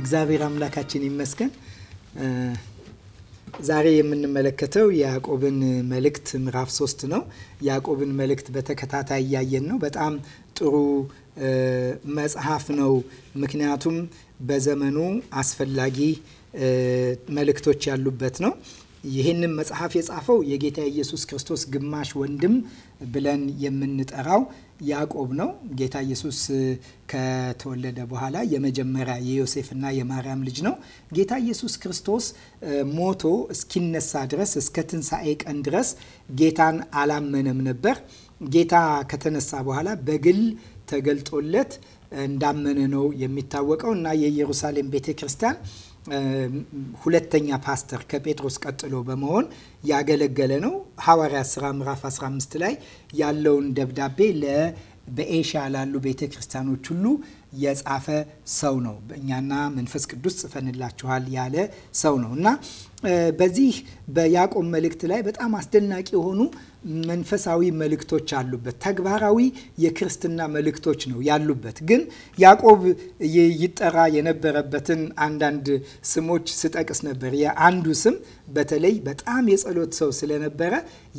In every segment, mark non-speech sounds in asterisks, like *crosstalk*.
እግዚአብሔር አምላካችን ይመስገን። ዛሬ የምንመለከተው የያዕቆብን መልእክት ምዕራፍ ሶስት ነው። ያዕቆብን መልእክት በተከታታይ እያየን ነው። በጣም ጥሩ መጽሐፍ ነው። ምክንያቱም በዘመኑ አስፈላጊ መልእክቶች ያሉበት ነው። ይህንም መጽሐፍ የጻፈው የጌታ ኢየሱስ ክርስቶስ ግማሽ ወንድም ብለን የምንጠራው ያዕቆብ ነው። ጌታ ኢየሱስ ከተወለደ በኋላ የመጀመሪያ የዮሴፍና የማርያም ልጅ ነው። ጌታ ኢየሱስ ክርስቶስ ሞቶ እስኪነሳ ድረስ እስከ ትንሣኤ ቀን ድረስ ጌታን አላመነም ነበር። ጌታ ከተነሳ በኋላ በግል ተገልጦለት እንዳመነ ነው የሚታወቀው እና የኢየሩሳሌም ቤተ ክርስቲያን ሁለተኛ ፓስተር ከጴጥሮስ ቀጥሎ በመሆን ያገለገለ ነው። ሐዋርያ ስራ ምዕራፍ 15 ላይ ያለውን ደብዳቤ በኤሽያ ላሉ ቤተ ክርስቲያኖች ሁሉ የጻፈ ሰው ነው። እኛና መንፈስ ቅዱስ ጽፈንላችኋል ያለ ሰው ነው እና በዚህ በያዕቆብ መልእክት ላይ በጣም አስደናቂ የሆኑ መንፈሳዊ መልእክቶች አሉበት። ተግባራዊ የክርስትና መልእክቶች ነው ያሉበት። ግን ያዕቆብ ይጠራ የነበረበትን አንዳንድ ስሞች ስጠቅስ ነበር። የአንዱ ስም በተለይ በጣም የጸሎት ሰው ስለነበረ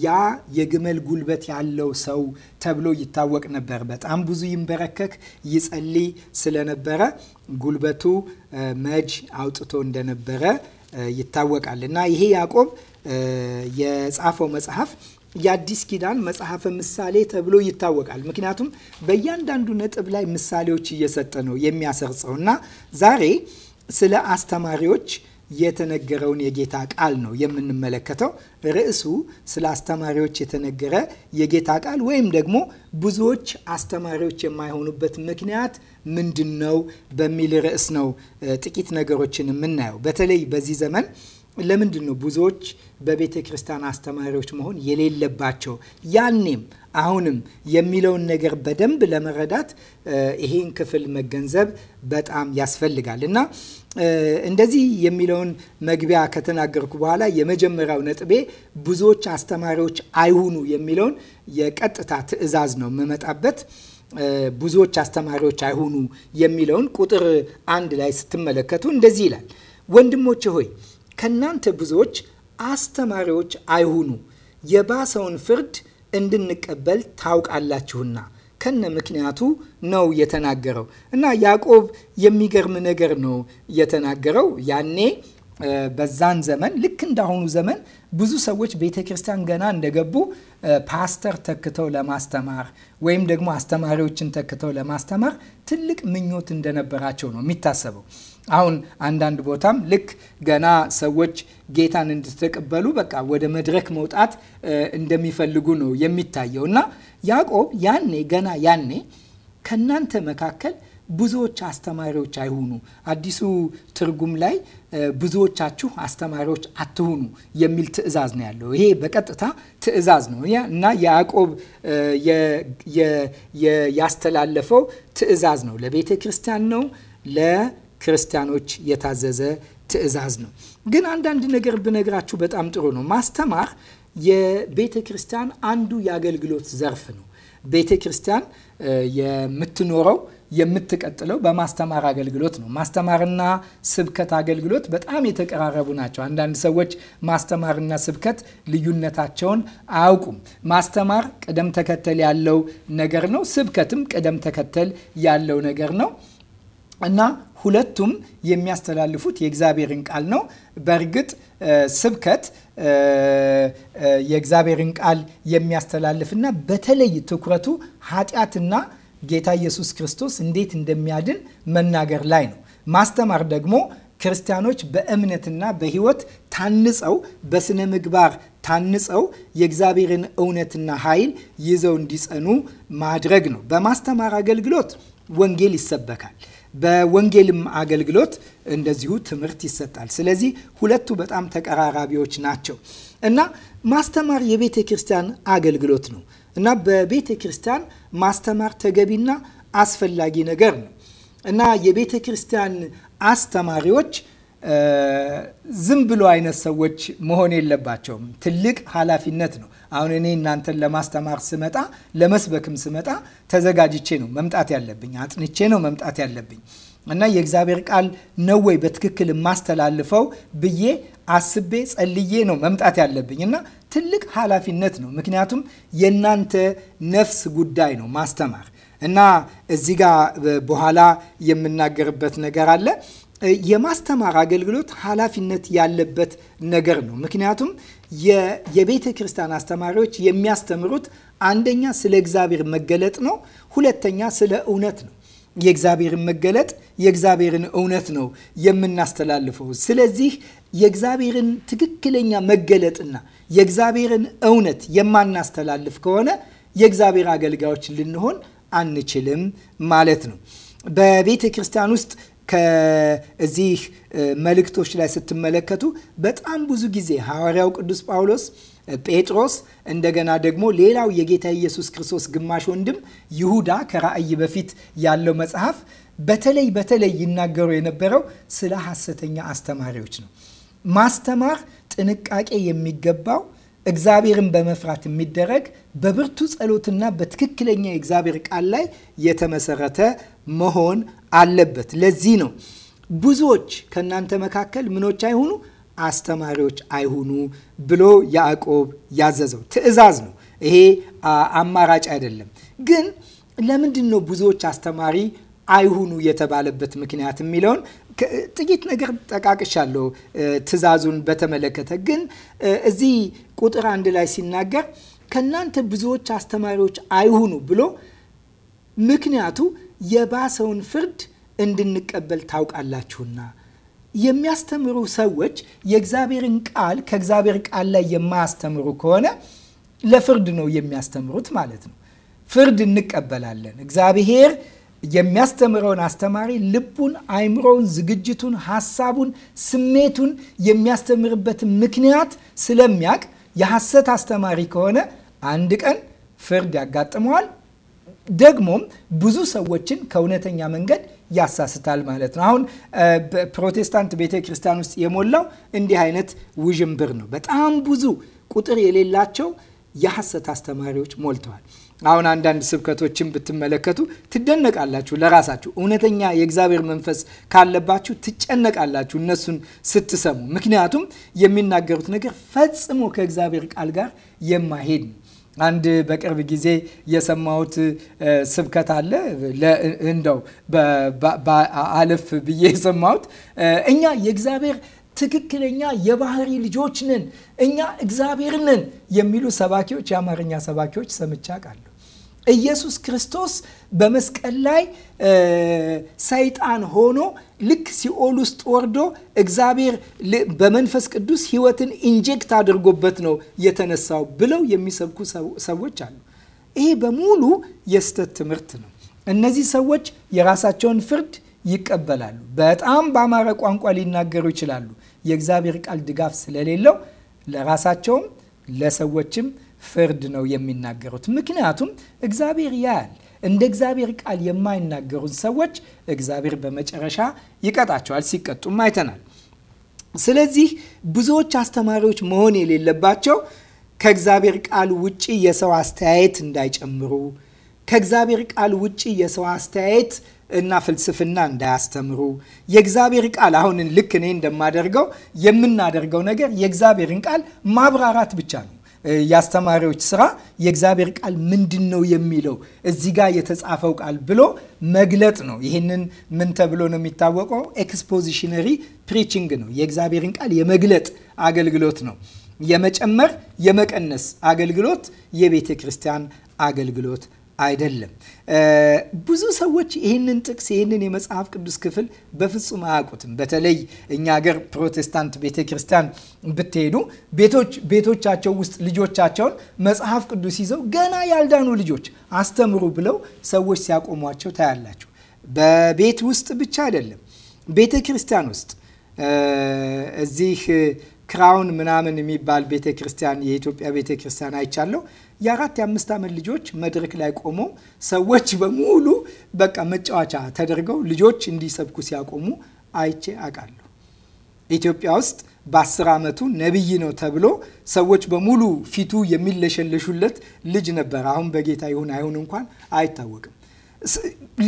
ያ የግመል ጉልበት ያለው ሰው ተብሎ ይታወቅ ነበር። በጣም ብዙ ይንበረከክ፣ ይጸልይ ስለነበረ ጉልበቱ መጅ አውጥቶ እንደነበረ ይታወቃል እና ይሄ ያዕቆብ የጻፈው መጽሐፍ የአዲስ ኪዳን መጽሐፈ ምሳሌ ተብሎ ይታወቃል። ምክንያቱም በእያንዳንዱ ነጥብ ላይ ምሳሌዎች እየሰጠ ነው የሚያሰርጸው እና ዛሬ ስለ አስተማሪዎች የተነገረውን የጌታ ቃል ነው የምንመለከተው። ርዕሱ ስለ አስተማሪዎች የተነገረ የጌታ ቃል ወይም ደግሞ ብዙዎች አስተማሪዎች የማይሆኑበት ምክንያት ምንድን ነው በሚል ርዕስ ነው ጥቂት ነገሮችን የምናየው በተለይ በዚህ ዘመን ለምንድን ነው ብዙዎች በቤተ ክርስቲያን አስተማሪዎች መሆን የሌለባቸው? ያኔም አሁንም የሚለውን ነገር በደንብ ለመረዳት ይሄን ክፍል መገንዘብ በጣም ያስፈልጋል እና እንደዚህ የሚለውን መግቢያ ከተናገርኩ በኋላ የመጀመሪያው ነጥቤ ብዙዎች አስተማሪዎች አይሁኑ የሚለውን የቀጥታ ትዕዛዝ ነው የምመጣበት። ብዙዎች አስተማሪዎች አይሁኑ የሚለውን ቁጥር አንድ ላይ ስትመለከቱ እንደዚህ ይላል፣ ወንድሞቼ ሆይ ከእናንተ ብዙዎች አስተማሪዎች አይሁኑ፣ የባሰውን ፍርድ እንድንቀበል ታውቃላችሁና ከነ ምክንያቱ ነው የተናገረው። እና ያዕቆብ የሚገርም ነገር ነው የተናገረው። ያኔ በዛን ዘመን ልክ እንዳሁኑ ዘመን ብዙ ሰዎች ቤተ ክርስቲያን ገና እንደገቡ ፓስተር ተክተው ለማስተማር ወይም ደግሞ አስተማሪዎችን ተክተው ለማስተማር ትልቅ ምኞት እንደነበራቸው ነው የሚታሰበው። አሁን አንዳንድ ቦታም ልክ ገና ሰዎች ጌታን እንድትቀበሉ በቃ ወደ መድረክ መውጣት እንደሚፈልጉ ነው የሚታየው እና ያዕቆብ ያኔ ገና ያኔ ከእናንተ መካከል ብዙዎች አስተማሪዎች አይሁኑ፣ አዲሱ ትርጉም ላይ ብዙዎቻችሁ አስተማሪዎች አትሁኑ የሚል ትዕዛዝ ነው ያለው። ይሄ በቀጥታ ትዕዛዝ ነው እና ያዕቆብ ያስተላለፈው ትዕዛዝ ነው ለቤተ ክርስቲያን ነው ክርስቲያኖች የታዘዘ ትእዛዝ ነው። ግን አንዳንድ ነገር ብነግራችሁ በጣም ጥሩ ነው። ማስተማር የቤተ ክርስቲያን አንዱ የአገልግሎት ዘርፍ ነው። ቤተ ክርስቲያን የምትኖረው የምትቀጥለው በማስተማር አገልግሎት ነው። ማስተማርና ስብከት አገልግሎት በጣም የተቀራረቡ ናቸው። አንዳንድ ሰዎች ማስተማርና ስብከት ልዩነታቸውን አያውቁም። ማስተማር ቅደም ተከተል ያለው ነገር ነው። ስብከትም ቅደም ተከተል ያለው ነገር ነው። እና ሁለቱም የሚያስተላልፉት የእግዚአብሔርን ቃል ነው። በእርግጥ ስብከት የእግዚአብሔርን ቃል የሚያስተላልፍና በተለይ ትኩረቱ ኃጢአትና ጌታ ኢየሱስ ክርስቶስ እንዴት እንደሚያድን መናገር ላይ ነው። ማስተማር ደግሞ ክርስቲያኖች በእምነትና በሕይወት ታንጸው በስነ ምግባር ታንጸው የእግዚአብሔርን እውነትና ኃይል ይዘው እንዲጸኑ ማድረግ ነው። በማስተማር አገልግሎት ወንጌል ይሰበካል። በወንጌልም አገልግሎት እንደዚሁ ትምህርት ይሰጣል። ስለዚህ ሁለቱ በጣም ተቀራራቢዎች ናቸው እና ማስተማር የቤተ ክርስቲያን አገልግሎት ነው እና በቤተ ክርስቲያን ማስተማር ተገቢና አስፈላጊ ነገር ነው እና የቤተ ክርስቲያን አስተማሪዎች ዝም ብሎ አይነት ሰዎች መሆን የለባቸውም። ትልቅ ኃላፊነት ነው። አሁን እኔ እናንተን ለማስተማር ስመጣ፣ ለመስበክም ስመጣ ተዘጋጅቼ ነው መምጣት ያለብኝ፣ አጥንቼ ነው መምጣት ያለብኝ እና የእግዚአብሔር ቃል ነው ወይ በትክክል የማስተላልፈው ብዬ አስቤ ጸልዬ ነው መምጣት ያለብኝ እና ትልቅ ኃላፊነት ነው። ምክንያቱም የእናንተ ነፍስ ጉዳይ ነው ማስተማር እና እዚህ ጋ በኋላ የምናገርበት ነገር አለ የማስተማር አገልግሎት ኃላፊነት ያለበት ነገር ነው። ምክንያቱም የቤተ ክርስቲያን አስተማሪዎች የሚያስተምሩት አንደኛ ስለ እግዚአብሔር መገለጥ ነው፣ ሁለተኛ ስለ እውነት ነው። የእግዚአብሔርን መገለጥ የእግዚአብሔርን እውነት ነው የምናስተላልፈው። ስለዚህ የእግዚአብሔርን ትክክለኛ መገለጥና የእግዚአብሔርን እውነት የማናስተላልፍ ከሆነ የእግዚአብሔር አገልጋዮች ልንሆን አንችልም ማለት ነው። በቤተ ክርስቲያን ውስጥ ከዚህ መልእክቶች ላይ ስትመለከቱ በጣም ብዙ ጊዜ ሐዋርያው ቅዱስ ጳውሎስ ጴጥሮስ እንደገና ደግሞ ሌላው የጌታ ኢየሱስ ክርስቶስ ግማሽ ወንድም ይሁዳ ከራእይ በፊት ያለው መጽሐፍ በተለይ በተለይ ይናገሩ የነበረው ስለ ሐሰተኛ አስተማሪዎች ነው። ማስተማር ጥንቃቄ የሚገባው እግዚአብሔርን በመፍራት የሚደረግ በብርቱ ጸሎትና በትክክለኛ የእግዚአብሔር ቃል ላይ የተመሰረተ መሆን አለበት። ለዚህ ነው ብዙዎች ከእናንተ መካከል ምኖች አይሁኑ፣ አስተማሪዎች አይሁኑ ብሎ ያዕቆብ ያዘዘው ትዕዛዝ ነው። ይሄ አማራጭ አይደለም። ግን ለምንድን ነው ብዙዎች አስተማሪ አይሁኑ የተባለበት ምክንያት የሚለውን ጥቂት ነገር ጠቃቅሻለሁ ትእዛዙን በተመለከተ ግን እዚህ ቁጥር አንድ ላይ ሲናገር ከእናንተ ብዙዎች አስተማሪዎች አይሁኑ ብሎ ምክንያቱ የባሰውን ፍርድ እንድንቀበል ታውቃላችሁና የሚያስተምሩ ሰዎች የእግዚአብሔርን ቃል ከእግዚአብሔር ቃል ላይ የማያስተምሩ ከሆነ ለፍርድ ነው የሚያስተምሩት ማለት ነው። ፍርድ እንቀበላለን። እግዚአብሔር የሚያስተምረውን አስተማሪ ልቡን፣ አይምሮውን፣ ዝግጅቱን፣ ሀሳቡን፣ ስሜቱን የሚያስተምርበትን ምክንያት ስለሚያውቅ የሐሰት አስተማሪ ከሆነ አንድ ቀን ፍርድ ያጋጥመዋል። ደግሞም ብዙ ሰዎችን ከእውነተኛ መንገድ ያሳስታል ማለት ነው። አሁን በፕሮቴስታንት ቤተ ክርስቲያን ውስጥ የሞላው እንዲህ አይነት ውዥንብር ነው። በጣም ብዙ ቁጥር የሌላቸው የሐሰት አስተማሪዎች ሞልተዋል። አሁን አንዳንድ ስብከቶችን ብትመለከቱ ትደነቃላችሁ። ለራሳችሁ እውነተኛ የእግዚአብሔር መንፈስ ካለባችሁ ትጨነቃላችሁ እነሱን ስትሰሙ። ምክንያቱም የሚናገሩት ነገር ፈጽሞ ከእግዚአብሔር ቃል ጋር የማሄድ ነው። አንድ በቅርብ ጊዜ የሰማሁት ስብከት አለ። እንደው አለፍ ብዬ የሰማሁት እኛ የእግዚአብሔር ትክክለኛ የባህሪ ልጆች ነን፣ እኛ እግዚአብሔር ነን የሚሉ ሰባኪዎች፣ የአማርኛ ሰባኪዎች ሰምቻ ቃለሁ ኢየሱስ ክርስቶስ በመስቀል ላይ ሰይጣን ሆኖ ልክ ሲኦል ውስጥ ወርዶ እግዚአብሔር በመንፈስ ቅዱስ ሕይወትን ኢንጀክት አድርጎበት ነው የተነሳው ብለው የሚሰብኩ ሰዎች አሉ። ይሄ በሙሉ የስተት ትምህርት ነው። እነዚህ ሰዎች የራሳቸውን ፍርድ ይቀበላሉ። በጣም በአማረ ቋንቋ ሊናገሩ ይችላሉ። የእግዚአብሔር ቃል ድጋፍ ስለሌለው ለራሳቸውም ለሰዎችም ፍርድ ነው የሚናገሩት። ምክንያቱም እግዚአብሔር ያያል። እንደ እግዚአብሔር ቃል የማይናገሩን ሰዎች እግዚአብሔር በመጨረሻ ይቀጣቸዋል። ሲቀጡም አይተናል። ስለዚህ ብዙዎች አስተማሪዎች መሆን የሌለባቸው ከእግዚአብሔር ቃል ውጪ የሰው አስተያየት እንዳይጨምሩ፣ ከእግዚአብሔር ቃል ውጪ የሰው አስተያየት እና ፍልስፍና እንዳያስተምሩ የእግዚአብሔር ቃል አሁን ልክ እኔ እንደማደርገው የምናደርገው ነገር የእግዚአብሔርን ቃል ማብራራት ብቻ ነው። የአስተማሪዎች ስራ የእግዚአብሔር ቃል ምንድን ነው የሚለው እዚህ ጋር የተጻፈው ቃል ብሎ መግለጥ ነው። ይህንን ምን ተብሎ ነው የሚታወቀው? ኤክስፖዚሽነሪ ፕሪቺንግ ነው። የእግዚአብሔርን ቃል የመግለጥ አገልግሎት ነው። የመጨመር የመቀነስ አገልግሎት የቤተ ክርስቲያን አገልግሎት አይደለም። ብዙ ሰዎች ይህንን ጥቅስ ይህንን የመጽሐፍ ቅዱስ ክፍል በፍጹም አያውቁትም። በተለይ እኛ ሀገር ፕሮቴስታንት ቤተ ክርስቲያን ብትሄዱ ቤቶች ቤቶቻቸው ውስጥ ልጆቻቸውን መጽሐፍ ቅዱስ ይዘው ገና ያልዳኑ ልጆች አስተምሩ ብለው ሰዎች ሲያቆሟቸው ታያላችሁ። በቤት ውስጥ ብቻ አይደለም፣ ቤተ ክርስቲያን ውስጥ እዚህ ክራውን ምናምን የሚባል ቤተ ክርስቲያን የኢትዮጵያ ቤተ ክርስቲያን አይቻለሁ። የአራት የአምስት ዓመት ልጆች መድረክ ላይ ቆመው ሰዎች በሙሉ በቃ መጫወቻ ተደርገው ልጆች እንዲሰብኩ ሲያቆሙ አይቼ አውቃለሁ። ኢትዮጵያ ውስጥ በአስር ዓመቱ ነቢይ ነው ተብሎ ሰዎች በሙሉ ፊቱ የሚለሸለሹለት ልጅ ነበር። አሁን በጌታ ይሁን አይሁን እንኳን አይታወቅም።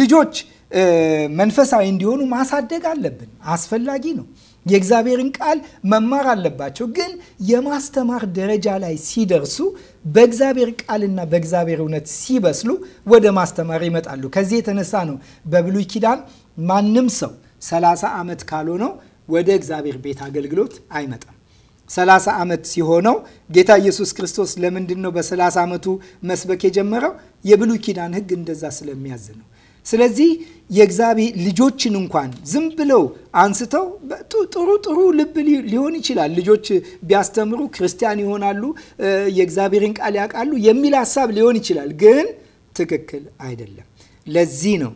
ልጆች መንፈሳዊ እንዲሆኑ ማሳደግ አለብን፣ አስፈላጊ ነው። የእግዚአብሔርን ቃል መማር አለባቸው። ግን የማስተማር ደረጃ ላይ ሲደርሱ በእግዚአብሔር ቃልና በእግዚአብሔር እውነት ሲበስሉ ወደ ማስተማር ይመጣሉ። ከዚህ የተነሳ ነው በብሉይ ኪዳን ማንም ሰው 30 ዓመት ካልሆነው ወደ እግዚአብሔር ቤት አገልግሎት አይመጣም። 30 ዓመት ሲሆነው ጌታ ኢየሱስ ክርስቶስ ለምንድን ነው በ30 ዓመቱ መስበክ የጀመረው? የብሉይ ኪዳን ሕግ እንደዛ ስለሚያዝ ነው። ስለዚህ የእግዚአብሔር ልጆችን እንኳን ዝም ብለው አንስተው ጥሩ ጥሩ ልብ ሊሆን ይችላል። ልጆች ቢያስተምሩ ክርስቲያን ይሆናሉ፣ የእግዚአብሔርን ቃል ያውቃሉ የሚል ሀሳብ ሊሆን ይችላል፣ ግን ትክክል አይደለም። ለዚህ ነው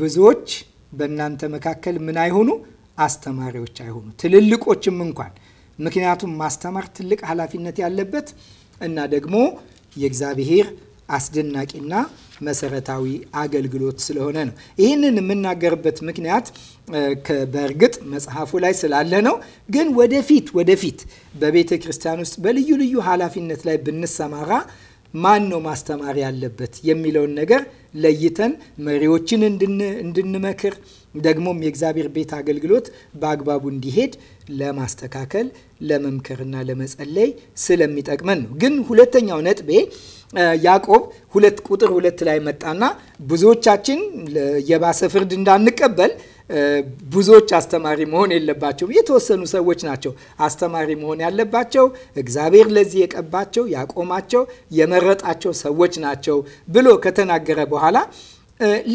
ብዙዎች በእናንተ መካከል ምን አይሆኑ አስተማሪዎች አይሆኑ ትልልቆችም እንኳን ምክንያቱም ማስተማር ትልቅ ኃላፊነት ያለበት እና ደግሞ የእግዚአብሔር አስደናቂና መሰረታዊ አገልግሎት ስለሆነ ነው። ይህንን የምናገርበት ምክንያት በእርግጥ መጽሐፉ ላይ ስላለ ነው። ግን ወደፊት ወደፊት በቤተ ክርስቲያን ውስጥ በልዩ ልዩ ኃላፊነት ላይ ብንሰማራ ማን ነው ማስተማር ያለበት የሚለውን ነገር ለይተን መሪዎችን እንድንመክር ደግሞም የእግዚአብሔር ቤት አገልግሎት በአግባቡ እንዲሄድ ለማስተካከል ለመምከርና ለመጸለይ ስለሚጠቅመን ነው። ግን ሁለተኛው ነጥቤ ያዕቆብ ሁለት ቁጥር ሁለት ላይ መጣና ብዙዎቻችን የባሰ ፍርድ እንዳንቀበል ብዙዎች አስተማሪ መሆን የለባቸው። የተወሰኑ ሰዎች ናቸው አስተማሪ መሆን ያለባቸው እግዚአብሔር ለዚህ የቀባቸው ያቆማቸው የመረጣቸው ሰዎች ናቸው ብሎ ከተናገረ በኋላ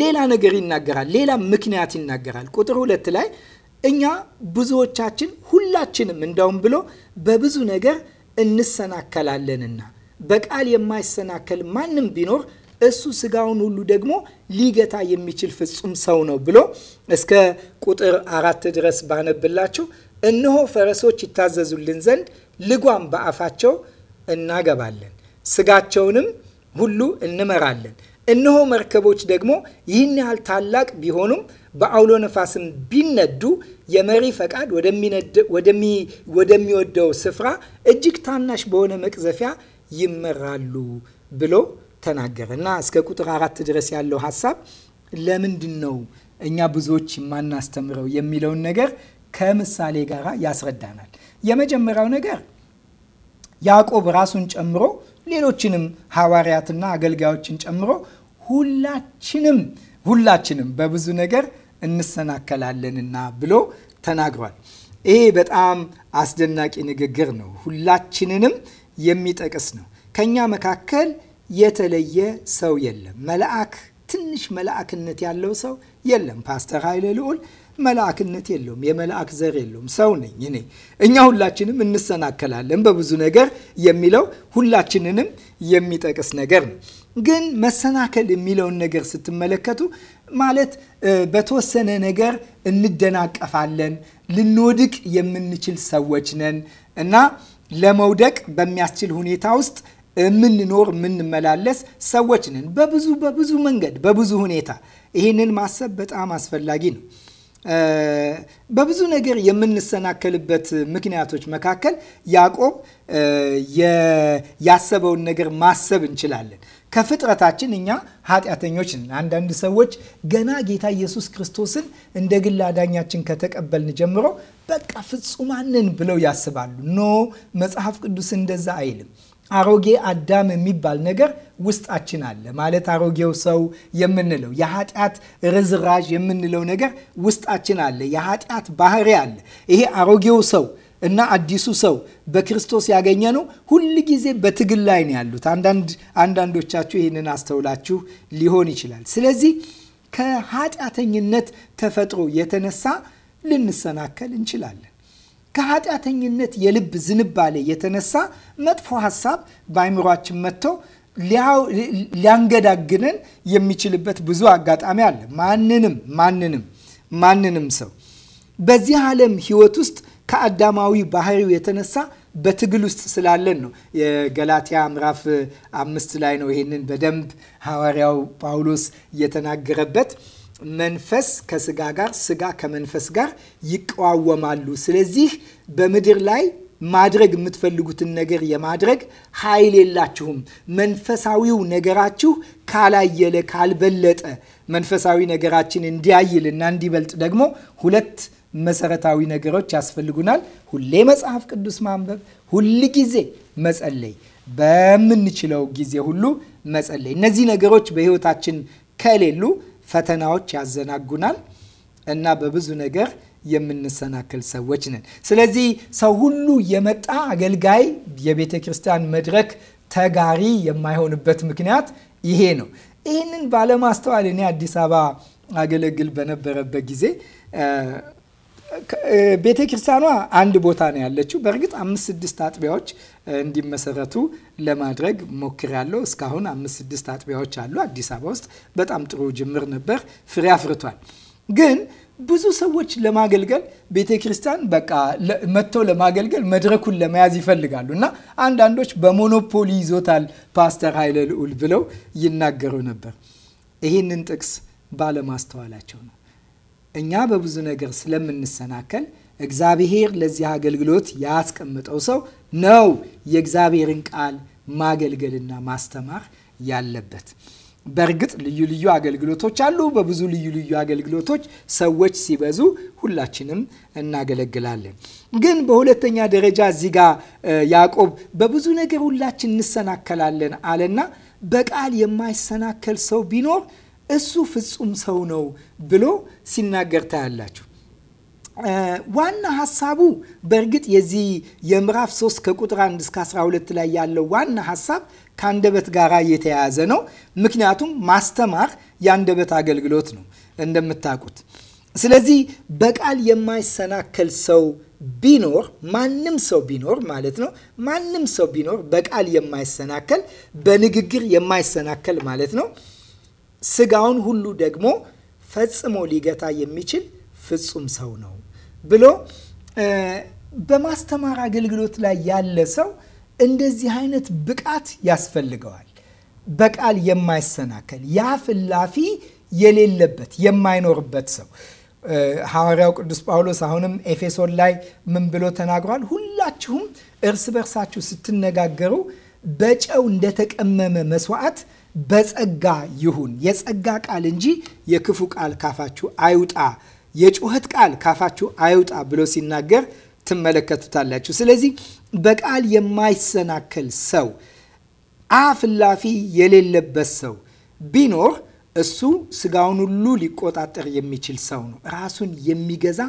ሌላ ነገር ይናገራል። ሌላ ምክንያት ይናገራል። ቁጥር ሁለት ላይ እኛ ብዙዎቻችን ሁላችንም እንዳውም ብሎ በብዙ ነገር እንሰናከላለንና በቃል የማይሰናከል ማንም ቢኖር እሱ ስጋውን ሁሉ ደግሞ ሊገታ የሚችል ፍጹም ሰው ነው ብሎ እስከ ቁጥር አራት ድረስ ባነብላችሁ፣ እነሆ ፈረሶች ይታዘዙልን ዘንድ ልጓም በአፋቸው እናገባለን፣ ስጋቸውንም ሁሉ እንመራለን። እነሆ መርከቦች ደግሞ ይህን ያህል ታላቅ ቢሆኑም በአውሎ ነፋስም ቢነዱ የመሪ ፈቃድ ወደሚወደው ስፍራ እጅግ ታናሽ በሆነ መቅዘፊያ ይመራሉ ብሎ ተናገረ እና እስከ ቁጥር አራት ድረስ ያለው ሀሳብ ለምንድን ነው እኛ ብዙዎች የማናስተምረው የሚለውን ነገር ከምሳሌ ጋር ያስረዳናል። የመጀመሪያው ነገር ያዕቆብ ራሱን ጨምሮ ሌሎችንም ሐዋርያትና አገልጋዮችን ጨምሮ ሁላችንም ሁላችንም በብዙ ነገር እንሰናከላለንና ብሎ ተናግሯል። ይሄ በጣም አስደናቂ ንግግር ነው። ሁላችንንም የሚጠቅስ ነው። ከኛ መካከል የተለየ ሰው የለም። መልአክ ትንሽ መልአክነት ያለው ሰው የለም። ፓስተር ኃይለ ልዑል መልአክነት የለውም። የመልአክ ዘር የለውም። ሰው ነኝ እኔ። እኛ ሁላችንም እንሰናከላለን በብዙ ነገር የሚለው ሁላችንንም የሚጠቅስ ነገር ነው። ግን መሰናከል የሚለውን ነገር ስትመለከቱ ማለት በተወሰነ ነገር እንደናቀፋለን፣ ልንወድቅ የምንችል ሰዎች ነን እና ለመውደቅ በሚያስችል ሁኔታ ውስጥ የምንኖር የምንመላለስ ሰዎች ነን። በብዙ በብዙ መንገድ በብዙ ሁኔታ ይህንን ማሰብ በጣም አስፈላጊ ነው። በብዙ ነገር የምንሰናከልበት ምክንያቶች መካከል ያዕቆብ ያሰበውን ነገር ማሰብ እንችላለን። ከፍጥረታችን እኛ ኃጢአተኞች ነን። አንዳንድ ሰዎች ገና ጌታ ኢየሱስ ክርስቶስን እንደ ግል አዳኛችን ከተቀበልን ጀምሮ በቃ ፍጹማንን ብለው ያስባሉ። ኖ መጽሐፍ ቅዱስ እንደዛ አይልም። አሮጌ አዳም የሚባል ነገር ውስጣችን አለ። ማለት አሮጌው ሰው የምንለው የኃጢአት ርዝራዥ የምንለው ነገር ውስጣችን አለ። የኃጢአት ባህሪ አለ። ይሄ አሮጌው ሰው እና አዲሱ ሰው በክርስቶስ ያገኘ ነው ሁል ጊዜ በትግል ላይ ነው ያሉት። አንዳንዶቻችሁ ይህንን አስተውላችሁ ሊሆን ይችላል። ስለዚህ ከኃጢአተኝነት ተፈጥሮ የተነሳ ልንሰናከል እንችላለን። ከኃጢአተኝነት የልብ ዝንባሌ የተነሳ መጥፎ ሀሳብ በአይምሯችን መጥተው ሊያንገዳግነን የሚችልበት ብዙ አጋጣሚ አለ። ማንንም ማንንም ማንንም ሰው በዚህ ዓለም ህይወት ውስጥ ከአዳማዊ ባህሪው የተነሳ በትግል ውስጥ ስላለን ነው። የገላትያ ምዕራፍ አምስት ላይ ነው ይህንን በደንብ ሐዋርያው ጳውሎስ የተናገረበት መንፈስ ከስጋ ጋር፣ ስጋ ከመንፈስ ጋር ይቀዋወማሉ። ስለዚህ በምድር ላይ ማድረግ የምትፈልጉትን ነገር የማድረግ ኃይል የላችሁም። መንፈሳዊው ነገራችሁ ካላየለ፣ ካልበለጠ መንፈሳዊ ነገራችን እና እንዲበልጥ ደግሞ ሁለት መሰረታዊ ነገሮች ያስፈልጉናል። ሁሌ መጽሐፍ ቅዱስ ማንበብ፣ ሁል ጊዜ መጸለይ፣ በምንችለው ጊዜ ሁሉ መጸለይ። እነዚህ ነገሮች በህይወታችን ከሌሉ ፈተናዎች ያዘናጉናል እና በብዙ ነገር የምንሰናክል ሰዎች ነን። ስለዚህ ሰው ሁሉ የመጣ አገልጋይ የቤተ ክርስቲያን መድረክ ተጋሪ የማይሆንበት ምክንያት ይሄ ነው። ይህንን ባለማስተዋል እኔ አዲስ አበባ አገለግል በነበረበት ጊዜ ቤተ ክርስቲያኗ አንድ ቦታ ነው ያለችው። በእርግጥ አምስት ስድስት አጥቢያዎች እንዲመሰረቱ ለማድረግ ሞክሬያለሁ። እስካሁን አምስት ስድስት አጥቢያዎች አሉ አዲስ አበባ ውስጥ። በጣም ጥሩ ጅምር ነበር፣ ፍሬ አፍርቷል። ግን ብዙ ሰዎች ለማገልገል ቤተ ክርስቲያን በቃ መጥተው ለማገልገል መድረኩን ለመያዝ ይፈልጋሉ እና አንዳንዶች በሞኖፖሊ ይዞታል ፓስተር ኃይለ ልዑል ብለው ይናገሩ ነበር። ይህንን ጥቅስ ባለማስተዋላቸው ነው። እኛ በብዙ ነገር ስለምንሰናከል እግዚአብሔር ለዚህ አገልግሎት ያስቀምጠው ሰው ነው የእግዚአብሔርን ቃል ማገልገልና ማስተማር ያለበት። በእርግጥ ልዩ ልዩ አገልግሎቶች አሉ። በብዙ ልዩ ልዩ አገልግሎቶች ሰዎች ሲበዙ ሁላችንም እናገለግላለን። ግን በሁለተኛ ደረጃ እዚህ ጋር ያዕቆብ በብዙ ነገር ሁላችን እንሰናከላለን አለና በቃል የማይሰናከል ሰው ቢኖር እሱ ፍጹም ሰው ነው ብሎ ሲናገር ታያላችሁ። ዋና ሀሳቡ በእርግጥ የዚህ የምዕራፍ 3 ከቁጥር 1 እስከ 12 ላይ ያለው ዋና ሀሳብ ከአንደበት ጋር የተያያዘ ነው። ምክንያቱም ማስተማር የአንደበት አገልግሎት ነው እንደምታውቁት። ስለዚህ በቃል የማይሰናከል ሰው ቢኖር ማንም ሰው ቢኖር ማለት ነው። ማንም ሰው ቢኖር በቃል የማይሰናከል በንግግር የማይሰናከል ማለት ነው ስጋውን ሁሉ ደግሞ ፈጽሞ ሊገታ የሚችል ፍጹም ሰው ነው ብሎ በማስተማር አገልግሎት ላይ ያለ ሰው እንደዚህ አይነት ብቃት ያስፈልገዋል። በቃል የማይሰናከል ያ ፍላፊ የሌለበት የማይኖርበት ሰው ሐዋርያው ቅዱስ ጳውሎስ አሁንም ኤፌሶን ላይ ምን ብሎ ተናግሯል? ሁላችሁም እርስ በርሳችሁ ስትነጋገሩ በጨው እንደተቀመመ መስዋዕት በጸጋ ይሁን የጸጋ ቃል እንጂ የክፉ ቃል ካፋችሁ አይውጣ፣ የጩኸት ቃል ካፋችሁ አይውጣ ብሎ ሲናገር ትመለከቱታላችሁ። ስለዚህ በቃል የማይሰናከል ሰው አፍላፊ የሌለበት ሰው ቢኖር እሱ ስጋውን ሁሉ ሊቆጣጠር የሚችል ሰው ነው። ራሱን የሚገዛ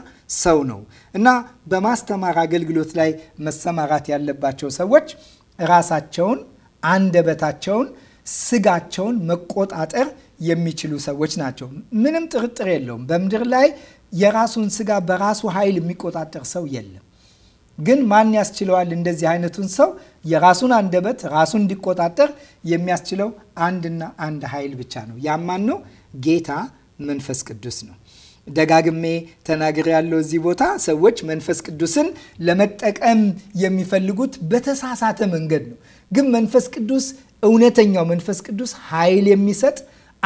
ሰው ነው እና በማስተማር አገልግሎት ላይ መሰማራት ያለባቸው ሰዎች ራሳቸውን አንደበታቸውን ስጋቸውን መቆጣጠር የሚችሉ ሰዎች ናቸው። ምንም ጥርጥር የለውም። በምድር ላይ የራሱን ስጋ በራሱ ኃይል የሚቆጣጠር ሰው የለም። ግን ማን ያስችለዋል? እንደዚህ አይነቱን ሰው የራሱን አንደበት ራሱን እንዲቆጣጠር የሚያስችለው አንድና አንድ ኃይል ብቻ ነው። ያማን ነው ጌታ መንፈስ ቅዱስ ነው። ደጋግሜ ተናግሬ ያለው እዚህ ቦታ ሰዎች መንፈስ ቅዱስን ለመጠቀም የሚፈልጉት በተሳሳተ መንገድ ነው። ግን መንፈስ ቅዱስ እውነተኛው መንፈስ ቅዱስ ኃይል የሚሰጥ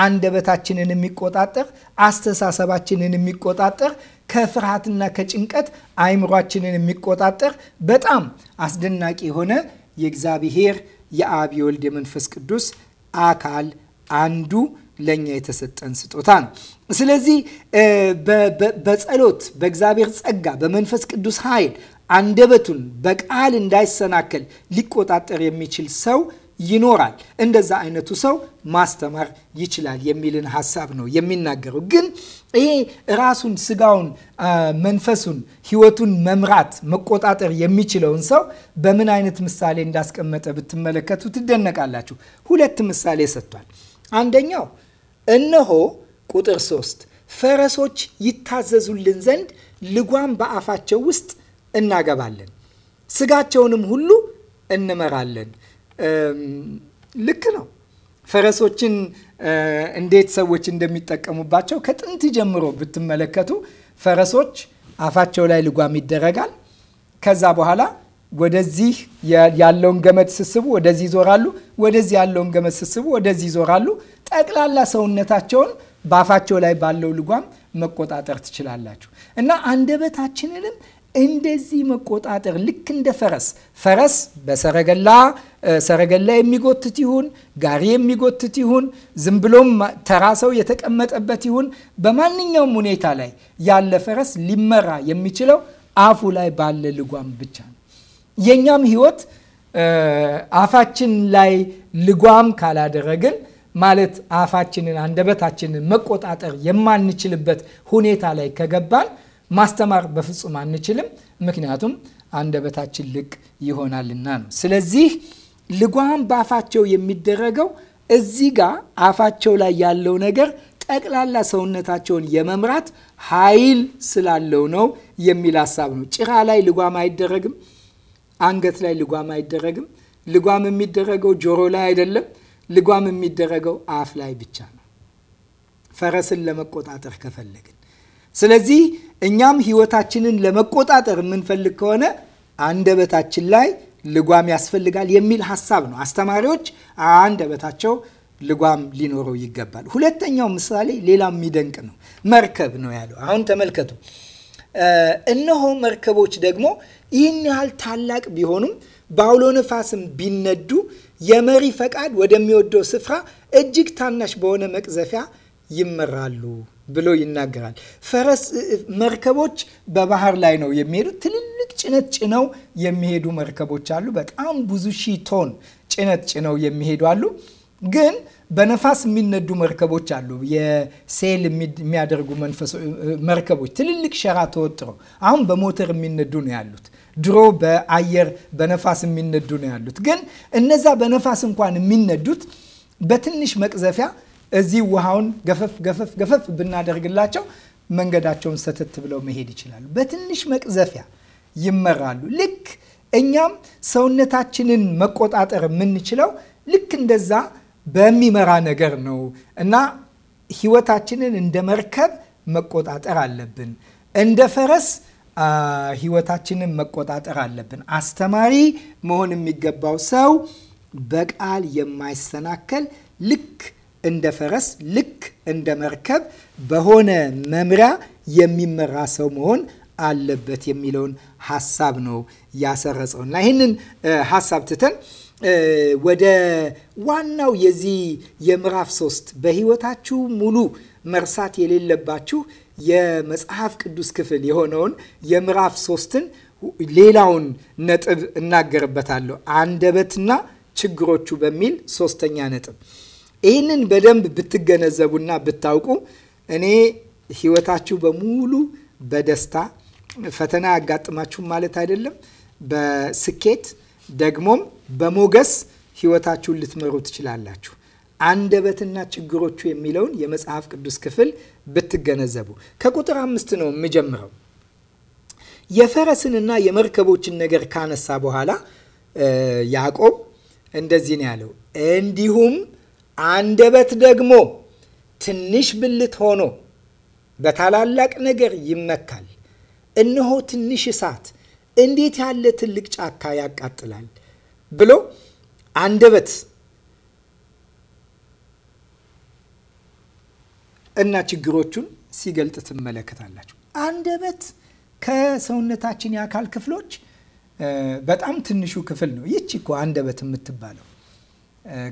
አንደበታችንን የሚቆጣጠር አስተሳሰባችንን የሚቆጣጠር ከፍርሃትና ከጭንቀት አይምሯችንን የሚቆጣጠር በጣም አስደናቂ የሆነ የእግዚአብሔር የአብ የወልድ የመንፈስ ቅዱስ አካል አንዱ ለእኛ የተሰጠን ስጦታ ነው። ስለዚህ በጸሎት በእግዚአብሔር ጸጋ በመንፈስ ቅዱስ ኃይል አንደበቱን በቃል እንዳይሰናከል ሊቆጣጠር የሚችል ሰው ይኖራል። እንደዛ አይነቱ ሰው ማስተማር ይችላል የሚልን ሀሳብ ነው የሚናገረው። ግን ይሄ ራሱን ስጋውን፣ መንፈሱን፣ ህይወቱን መምራት መቆጣጠር የሚችለውን ሰው በምን አይነት ምሳሌ እንዳስቀመጠ ብትመለከቱ ትደነቃላችሁ። ሁለት ምሳሌ ሰጥቷል። አንደኛው እነሆ ቁጥር ሶስት ፈረሶች ይታዘዙልን ዘንድ ልጓም በአፋቸው ውስጥ እናገባለን፣ ስጋቸውንም ሁሉ እንመራለን ልክ ነው። ፈረሶችን እንዴት ሰዎች እንደሚጠቀሙባቸው ከጥንት ጀምሮ ብትመለከቱ ፈረሶች አፋቸው ላይ ልጓም ይደረጋል። ከዛ በኋላ ወደዚህ ያለውን ገመድ ስስቡ ወደዚህ ይዞራሉ፣ ወደዚህ ያለውን ገመድ ስስቡ ወደዚህ ይዞራሉ። ጠቅላላ ሰውነታቸውን በአፋቸው ላይ ባለው ልጓም መቆጣጠር ትችላላችሁ እና አንደበታችንንም እንደዚህ መቆጣጠር ልክ እንደ ፈረስ ፈረስ በሰረገላ ሰረገላ የሚጎትት ይሁን ጋሪ የሚጎትት ይሁን ዝም ብሎም ተራ ሰው የተቀመጠበት ይሁን በማንኛውም ሁኔታ ላይ ያለ ፈረስ ሊመራ የሚችለው አፉ ላይ ባለ ልጓም ብቻ ነው። የእኛም ህይወት አፋችን ላይ ልጓም ካላደረግን ማለት አፋችንን አንደበታችንን መቆጣጠር የማንችልበት ሁኔታ ላይ ከገባን ማስተማር በፍጹም አንችልም። ምክንያቱም አንደበታችን ልቅ ይሆናልና ነው። ስለዚህ ልጓም በአፋቸው የሚደረገው እዚህ ጋር አፋቸው ላይ ያለው ነገር ጠቅላላ ሰውነታቸውን የመምራት ኃይል ስላለው ነው የሚል ሀሳብ ነው። ጭራ ላይ ልጓም አይደረግም። አንገት ላይ ልጓም አይደረግም። ልጓም የሚደረገው ጆሮ ላይ አይደለም። ልጓም የሚደረገው አፍ ላይ ብቻ ነው፣ ፈረስን ለመቆጣጠር ከፈለግን። ስለዚህ እኛም ህይወታችንን ለመቆጣጠር የምንፈልግ ከሆነ አንደበታችን ላይ ልጓም ያስፈልጋል የሚል ሀሳብ ነው። አስተማሪዎች አንደበታቸው ልጓም ሊኖረው ይገባል። ሁለተኛው ምሳሌ ሌላ የሚደንቅ ነው። መርከብ ነው ያለው። አሁን ተመልከቱ። እነሆ መርከቦች ደግሞ ይህን ያህል ታላቅ ቢሆኑም በአውሎ ነፋስም ቢነዱ የመሪ ፈቃድ ወደሚወደው ስፍራ እጅግ ታናሽ በሆነ መቅዘፊያ ይመራሉ ብሎ ይናገራል። ፈረስ መርከቦች በባህር ላይ ነው የሚሄዱት። ትልልቅ ጭነት ጭነው የሚሄዱ መርከቦች አሉ። በጣም ብዙ ሺህ ቶን ጭነት ጭነው የሚሄዱ አሉ። ግን በነፋስ የሚነዱ መርከቦች አሉ። የሴል የሚያደርጉ መርከቦች ትልልቅ ሸራ ተወጥረው አሁን በሞተር የሚነዱ ነው ያሉት። ድሮ በአየር በነፋስ የሚነዱ ነው ያሉት። ግን እነዛ በነፋስ እንኳን የሚነዱት በትንሽ መቅዘፊያ እዚህ ውሃውን ገፈፍ ገፈፍ ገፈፍ ብናደርግላቸው መንገዳቸውን ሰተት ብለው መሄድ ይችላሉ። በትንሽ መቅዘፊያ ይመራሉ። ልክ እኛም ሰውነታችንን መቆጣጠር የምንችለው ልክ እንደዛ በሚመራ ነገር ነው እና ህይወታችንን እንደ መርከብ መቆጣጠር አለብን። እንደ ፈረስ ህይወታችንን መቆጣጠር አለብን። አስተማሪ መሆን የሚገባው ሰው በቃል የማይሰናከል ልክ እንደ ፈረስ ልክ እንደ መርከብ በሆነ መምሪያ የሚመራ ሰው መሆን አለበት የሚለውን ሀሳብ ነው ያሰረጸው እና ይህንን ሀሳብ ትተን ወደ ዋናው የዚህ የምዕራፍ ሶስት በህይወታችሁ ሙሉ መርሳት የሌለባችሁ የመጽሐፍ ቅዱስ ክፍል የሆነውን የምዕራፍ ሶስትን ሌላውን ነጥብ እናገርበታለሁ። አንደበትና ችግሮቹ በሚል ሶስተኛ ነጥብ ይህንን በደንብ ብትገነዘቡና ብታውቁ እኔ ህይወታችሁ በሙሉ በደስታ ፈተና ያጋጥማችሁም ማለት አይደለም። በስኬት ደግሞም በሞገስ ህይወታችሁን ልትመሩ ትችላላችሁ። አንደበትና ችግሮቹ የሚለውን የመጽሐፍ ቅዱስ ክፍል ብትገነዘቡ ከቁጥር አምስት ነው የምጀምረው። የፈረስንና የመርከቦችን ነገር ካነሳ በኋላ ያዕቆብ እንደዚህ ነው ያለው እንዲሁም አንደበት ደግሞ ትንሽ ብልት ሆኖ በታላላቅ ነገር ይመካል። እነሆ ትንሽ እሳት እንዴት ያለ ትልቅ ጫካ ያቃጥላል ብሎ አንደበት እና ችግሮቹን ሲገልጥ ትመለከታላችሁ። አንደበት ከሰውነታችን የአካል ክፍሎች በጣም ትንሹ ክፍል ነው። ይቺ እኮ አንደበት የምትባለው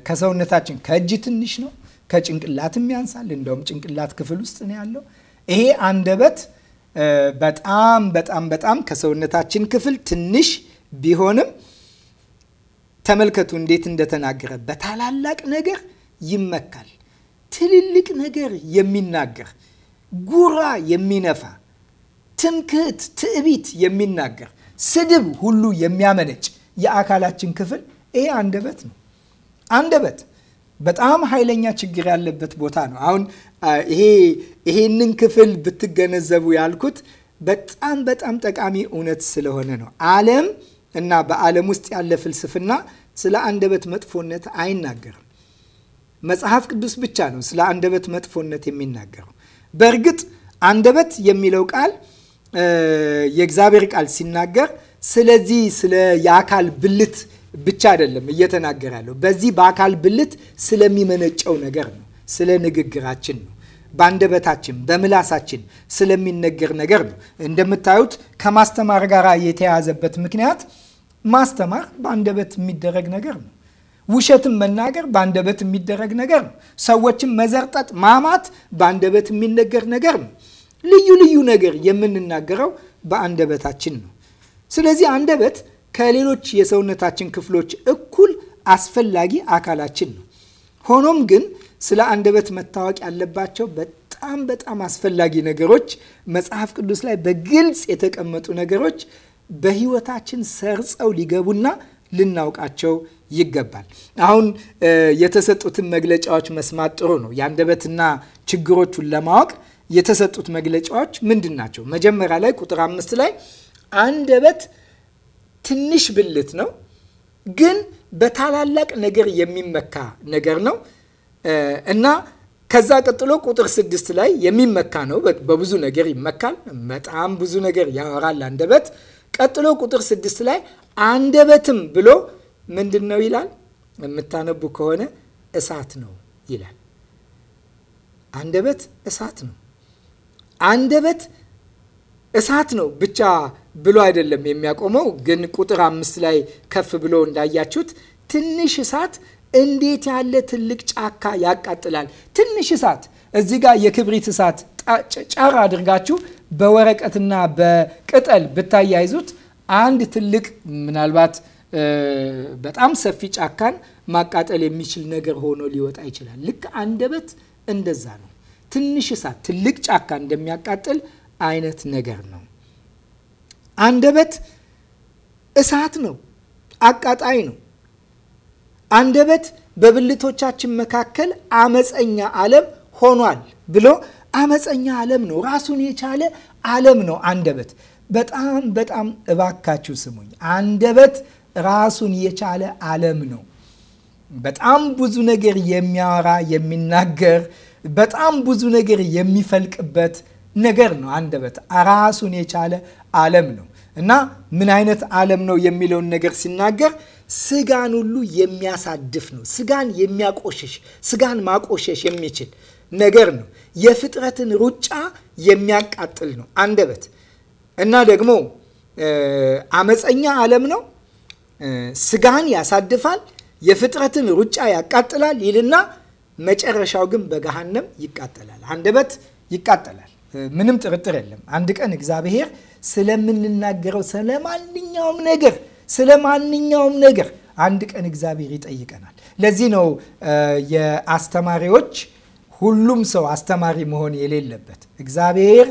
ከሰውነታችን ከእጅ ትንሽ ነው፣ ከጭንቅላትም ያንሳል። እንደውም ጭንቅላት ክፍል ውስጥ ነው ያለው። ይሄ አንደበት በጣም በጣም በጣም ከሰውነታችን ክፍል ትንሽ ቢሆንም ተመልከቱ እንዴት እንደተናገረ። በታላላቅ ነገር ይመካል። ትልልቅ ነገር የሚናገር ጉራ የሚነፋ ትምክህት፣ ትዕቢት የሚናገር ስድብ ሁሉ የሚያመነጭ የአካላችን ክፍል ይሄ አንደበት ነው። አንደበት በጣም ኃይለኛ ችግር ያለበት ቦታ ነው። አሁን ይሄ ይሄንን ክፍል ብትገነዘቡ ያልኩት በጣም በጣም ጠቃሚ እውነት ስለሆነ ነው። ዓለም እና በዓለም ውስጥ ያለ ፍልስፍና ስለ አንደበት መጥፎነት አይናገርም። መጽሐፍ ቅዱስ ብቻ ነው ስለ አንደበት መጥፎነት የሚናገረው። በእርግጥ አንደበት የሚለው ቃል የእግዚአብሔር ቃል ሲናገር ስለዚህ ስለ የአካል ብልት ብቻ አይደለም እየተናገረ ያለው በዚህ በአካል ብልት ስለሚመነጨው ነገር ነው። ስለ ንግግራችን ነው። በአንደበታችን በምላሳችን ስለሚነገር ነገር ነው። እንደምታዩት ከማስተማር ጋር የተያያዘበት ምክንያት ማስተማር በአንደበት የሚደረግ ነገር ነው። ውሸትም መናገር በአንደበት የሚደረግ ነገር ነው። ሰዎችን መዘርጠጥ፣ ማማት በአንደበት የሚነገር ነገር ነው። ልዩ ልዩ ነገር የምንናገረው በአንደበታችን ነው። ስለዚህ አንደበት ከሌሎች የሰውነታችን ክፍሎች እኩል አስፈላጊ አካላችን ነው። ሆኖም ግን ስለ አንደበት መታወቅ ያለባቸው በጣም በጣም አስፈላጊ ነገሮች መጽሐፍ ቅዱስ ላይ በግልጽ የተቀመጡ ነገሮች በሕይወታችን ሰርጸው ሊገቡና ልናውቃቸው ይገባል። አሁን የተሰጡትን መግለጫዎች መስማት ጥሩ ነው። የአንደበትና ችግሮቹን ለማወቅ የተሰጡት መግለጫዎች ምንድን ናቸው? መጀመሪያ ላይ ቁጥር አምስት ላይ አንደበት ትንሽ ብልት ነው፣ ግን በታላላቅ ነገር የሚመካ ነገር ነው እና ከዛ ቀጥሎ ቁጥር ስድስት ላይ የሚመካ ነው። በብዙ ነገር ይመካል። በጣም ብዙ ነገር ያወራል አንደበት። ቀጥሎ ቁጥር ስድስት ላይ አንደበትም ብሎ ምንድን ነው ይላል? የምታነቡ ከሆነ እሳት ነው ይላል። አንደበት እሳት ነው። አንደበት እሳት ነው ብቻ ብሎ አይደለም የሚያቆመው። ግን ቁጥር አምስት ላይ ከፍ ብሎ እንዳያችሁት ትንሽ እሳት እንዴት ያለ ትልቅ ጫካ ያቃጥላል። ትንሽ እሳት እዚህ ጋር የክብሪት እሳት ጫር አድርጋችሁ በወረቀትና በቅጠል ብታያይዙት አንድ ትልቅ ምናልባት በጣም ሰፊ ጫካን ማቃጠል የሚችል ነገር ሆኖ ሊወጣ ይችላል። ልክ አንደበት እንደዛ ነው። ትንሽ እሳት ትልቅ ጫካ እንደሚያቃጥል አይነት ነገር ነው። አንደበት እሳት ነው፣ አቃጣይ ነው። አንደበት በብልቶቻችን መካከል አመፀኛ ዓለም ሆኗል ብሎ አመፀኛ ዓለም ነው፣ ራሱን የቻለ ዓለም ነው አንደበት። በጣም በጣም እባካችሁ ስሙኝ። አንደበት ራሱን የቻለ ዓለም ነው። በጣም ብዙ ነገር የሚያወራ የሚናገር፣ በጣም ብዙ ነገር የሚፈልቅበት ነገር ነው አንደበት ራሱን የቻለ ዓለም ነው እና ምን አይነት ዓለም ነው የሚለውን ነገር ሲናገር ስጋን ሁሉ የሚያሳድፍ ነው። ስጋን የሚያቆሸሽ ስጋን ማቆሸሽ የሚችል ነገር ነው። የፍጥረትን ሩጫ የሚያቃጥል ነው አንደበት እና ደግሞ አመፀኛ ዓለም ነው። ስጋን ያሳድፋል፣ የፍጥረትን ሩጫ ያቃጥላል ይልና መጨረሻው ግን በገሃነም ይቃጠላል። አንደበት ይቃጠላል። ምንም ጥርጥር የለም። አንድ ቀን እግዚአብሔር ስለምንናገረው ስለማንኛውም ነገር ስለማንኛውም ነገር አንድ ቀን እግዚአብሔር ይጠይቀናል። ለዚህ ነው የአስተማሪዎች ሁሉም ሰው አስተማሪ መሆን የሌለበት። እግዚአብሔር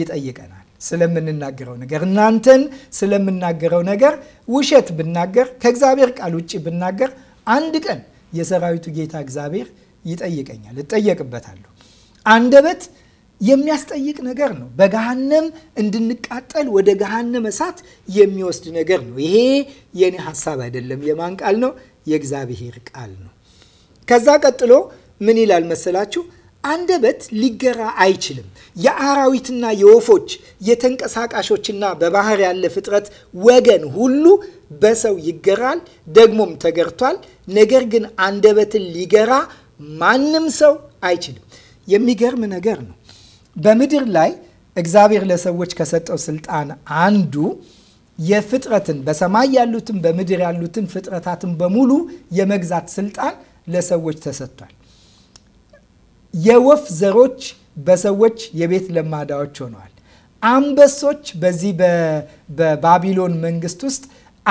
ይጠይቀናል ስለምንናገረው ነገር እናንተን ስለምናገረው ነገር ውሸት ብናገር ከእግዚአብሔር ቃል ውጭ ብናገር አንድ ቀን የሰራዊቱ ጌታ እግዚአብሔር ይጠይቀኛል፣ እጠየቅበታለሁ። አንደበት የሚያስጠይቅ ነገር ነው። በገሃነም እንድንቃጠል ወደ ገሃነም እሳት የሚወስድ ነገር ነው። ይሄ የኔ ሀሳብ አይደለም። የማን ቃል ነው? የእግዚአብሔር ቃል ነው። ከዛ ቀጥሎ ምን ይላል መሰላችሁ? አንደበት ሊገራ አይችልም። የአራዊትና የወፎች የተንቀሳቃሾችና በባህር ያለ ፍጥረት ወገን ሁሉ በሰው ይገራል፣ ደግሞም ተገርቷል። ነገር ግን አንደበትን ሊገራ ማንም ሰው አይችልም። የሚገርም ነገር ነው። በምድር ላይ እግዚአብሔር ለሰዎች ከሰጠው ስልጣን አንዱ የፍጥረትን በሰማይ ያሉትን በምድር ያሉትን ፍጥረታትን በሙሉ የመግዛት ስልጣን ለሰዎች ተሰጥቷል። የወፍ ዘሮች በሰዎች የቤት ለማዳዎች ሆነዋል። አንበሶች በዚህ በባቢሎን መንግስት ውስጥ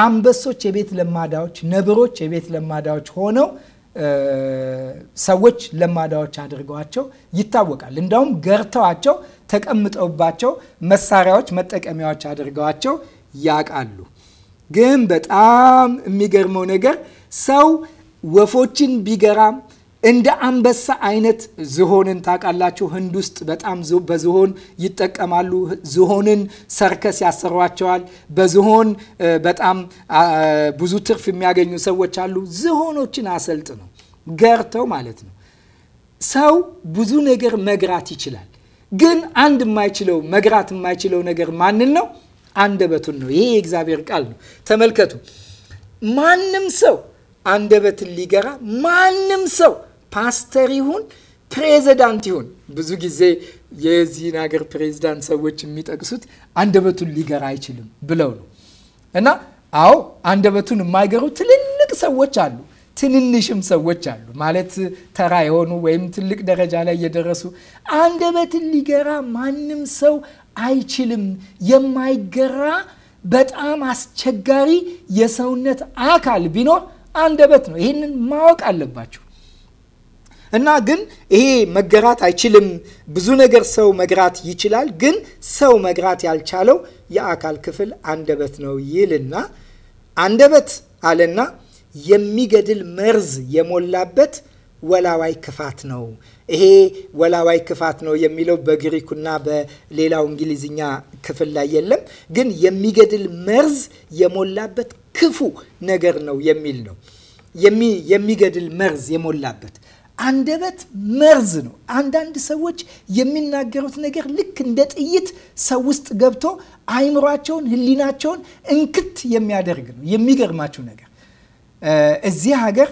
አንበሶች የቤት ለማዳዎች፣ ነብሮች የቤት ለማዳዎች ሆነው ሰዎች ለማዳዎች አድርገዋቸው ይታወቃል። እንዳውም ገርተዋቸው ተቀምጠውባቸው መሳሪያዎች፣ መጠቀሚያዎች አድርገዋቸው ያውቃሉ። ግን በጣም የሚገርመው ነገር ሰው ወፎችን ቢገራም እንደ አንበሳ አይነት ዝሆንን ታውቃላችሁ። ህንድ ውስጥ በጣም በዝሆን ይጠቀማሉ። ዝሆንን ሰርከስ ያሰሯቸዋል። በዝሆን በጣም ብዙ ትርፍ የሚያገኙ ሰዎች አሉ። ዝሆኖችን አሰልጥ ነው ገርተው ማለት ነው። ሰው ብዙ ነገር መግራት ይችላል። ግን አንድ የማይችለው መግራት የማይችለው ነገር ማንን ነው? አንደበቱን ነው። ይሄ የእግዚአብሔር ቃል ነው። ተመልከቱ። ማንም ሰው አንደበትን ሊገራ ማንም ሰው ፓስተር ይሁን ፕሬዚዳንት ይሁን ብዙ ጊዜ የዚህን ሀገር ፕሬዚዳንት ሰዎች የሚጠቅሱት አንደበቱን ሊገራ አይችልም ብለው ነው። እና አዎ አንደበቱን የማይገሩ ትልልቅ ሰዎች አሉ፣ ትንንሽም ሰዎች አሉ። ማለት ተራ የሆኑ ወይም ትልቅ ደረጃ ላይ የደረሱ አንደበትን ሊገራ ማንም ሰው አይችልም። የማይገራ በጣም አስቸጋሪ የሰውነት አካል ቢኖር አንደበት ነው። ይህንን ማወቅ አለባችሁ። እና ግን ይሄ መገራት አይችልም። ብዙ ነገር ሰው መግራት ይችላል፣ ግን ሰው መግራት ያልቻለው የአካል ክፍል አንደበት ነው ይልና አንደበት አለና የሚገድል መርዝ የሞላበት ወላዋይ ክፋት ነው። ይሄ ወላዋይ ክፋት ነው የሚለው በግሪኩና በሌላው እንግሊዝኛ ክፍል ላይ የለም፣ ግን የሚገድል መርዝ የሞላበት ክፉ ነገር ነው የሚል ነው። የሚገድል መርዝ የሞላበት አንደበት መርዝ ነው። አንዳንድ ሰዎች የሚናገሩት ነገር ልክ እንደ ጥይት ሰው ውስጥ ገብቶ አይምሯቸውን፣ ህሊናቸውን እንክት የሚያደርግ ነው። የሚገርማችሁ ነገር እዚህ ሀገር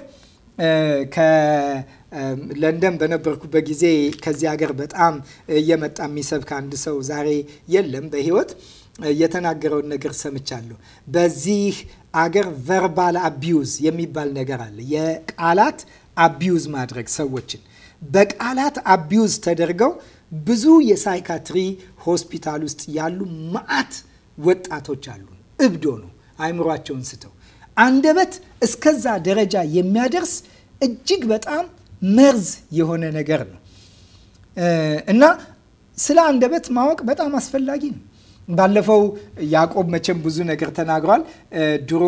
ለንደን በነበርኩበት ጊዜ ከዚህ ሀገር በጣም እየመጣ የሚሰብክ አንድ ሰው ዛሬ የለም በህይወት የተናገረውን ነገር ሰምቻለሁ። በዚህ አገር ቨርባል አቢዩዝ የሚባል ነገር አለ የቃላት አቢዩዝ ማድረግ ሰዎችን በቃላት አቢዩዝ ተደርገው ብዙ የሳይካትሪ ሆስፒታል ውስጥ ያሉ ማአት ወጣቶች አሉ። እብዶ ነው አይምሯቸውን ስተው አንደበት እስከዛ ደረጃ የሚያደርስ እጅግ በጣም መርዝ የሆነ ነገር ነው እና ስለ አንደበት ማወቅ በጣም አስፈላጊ ነው። ባለፈው ያዕቆብ መቼም ብዙ ነገር ተናግሯል። ድሮ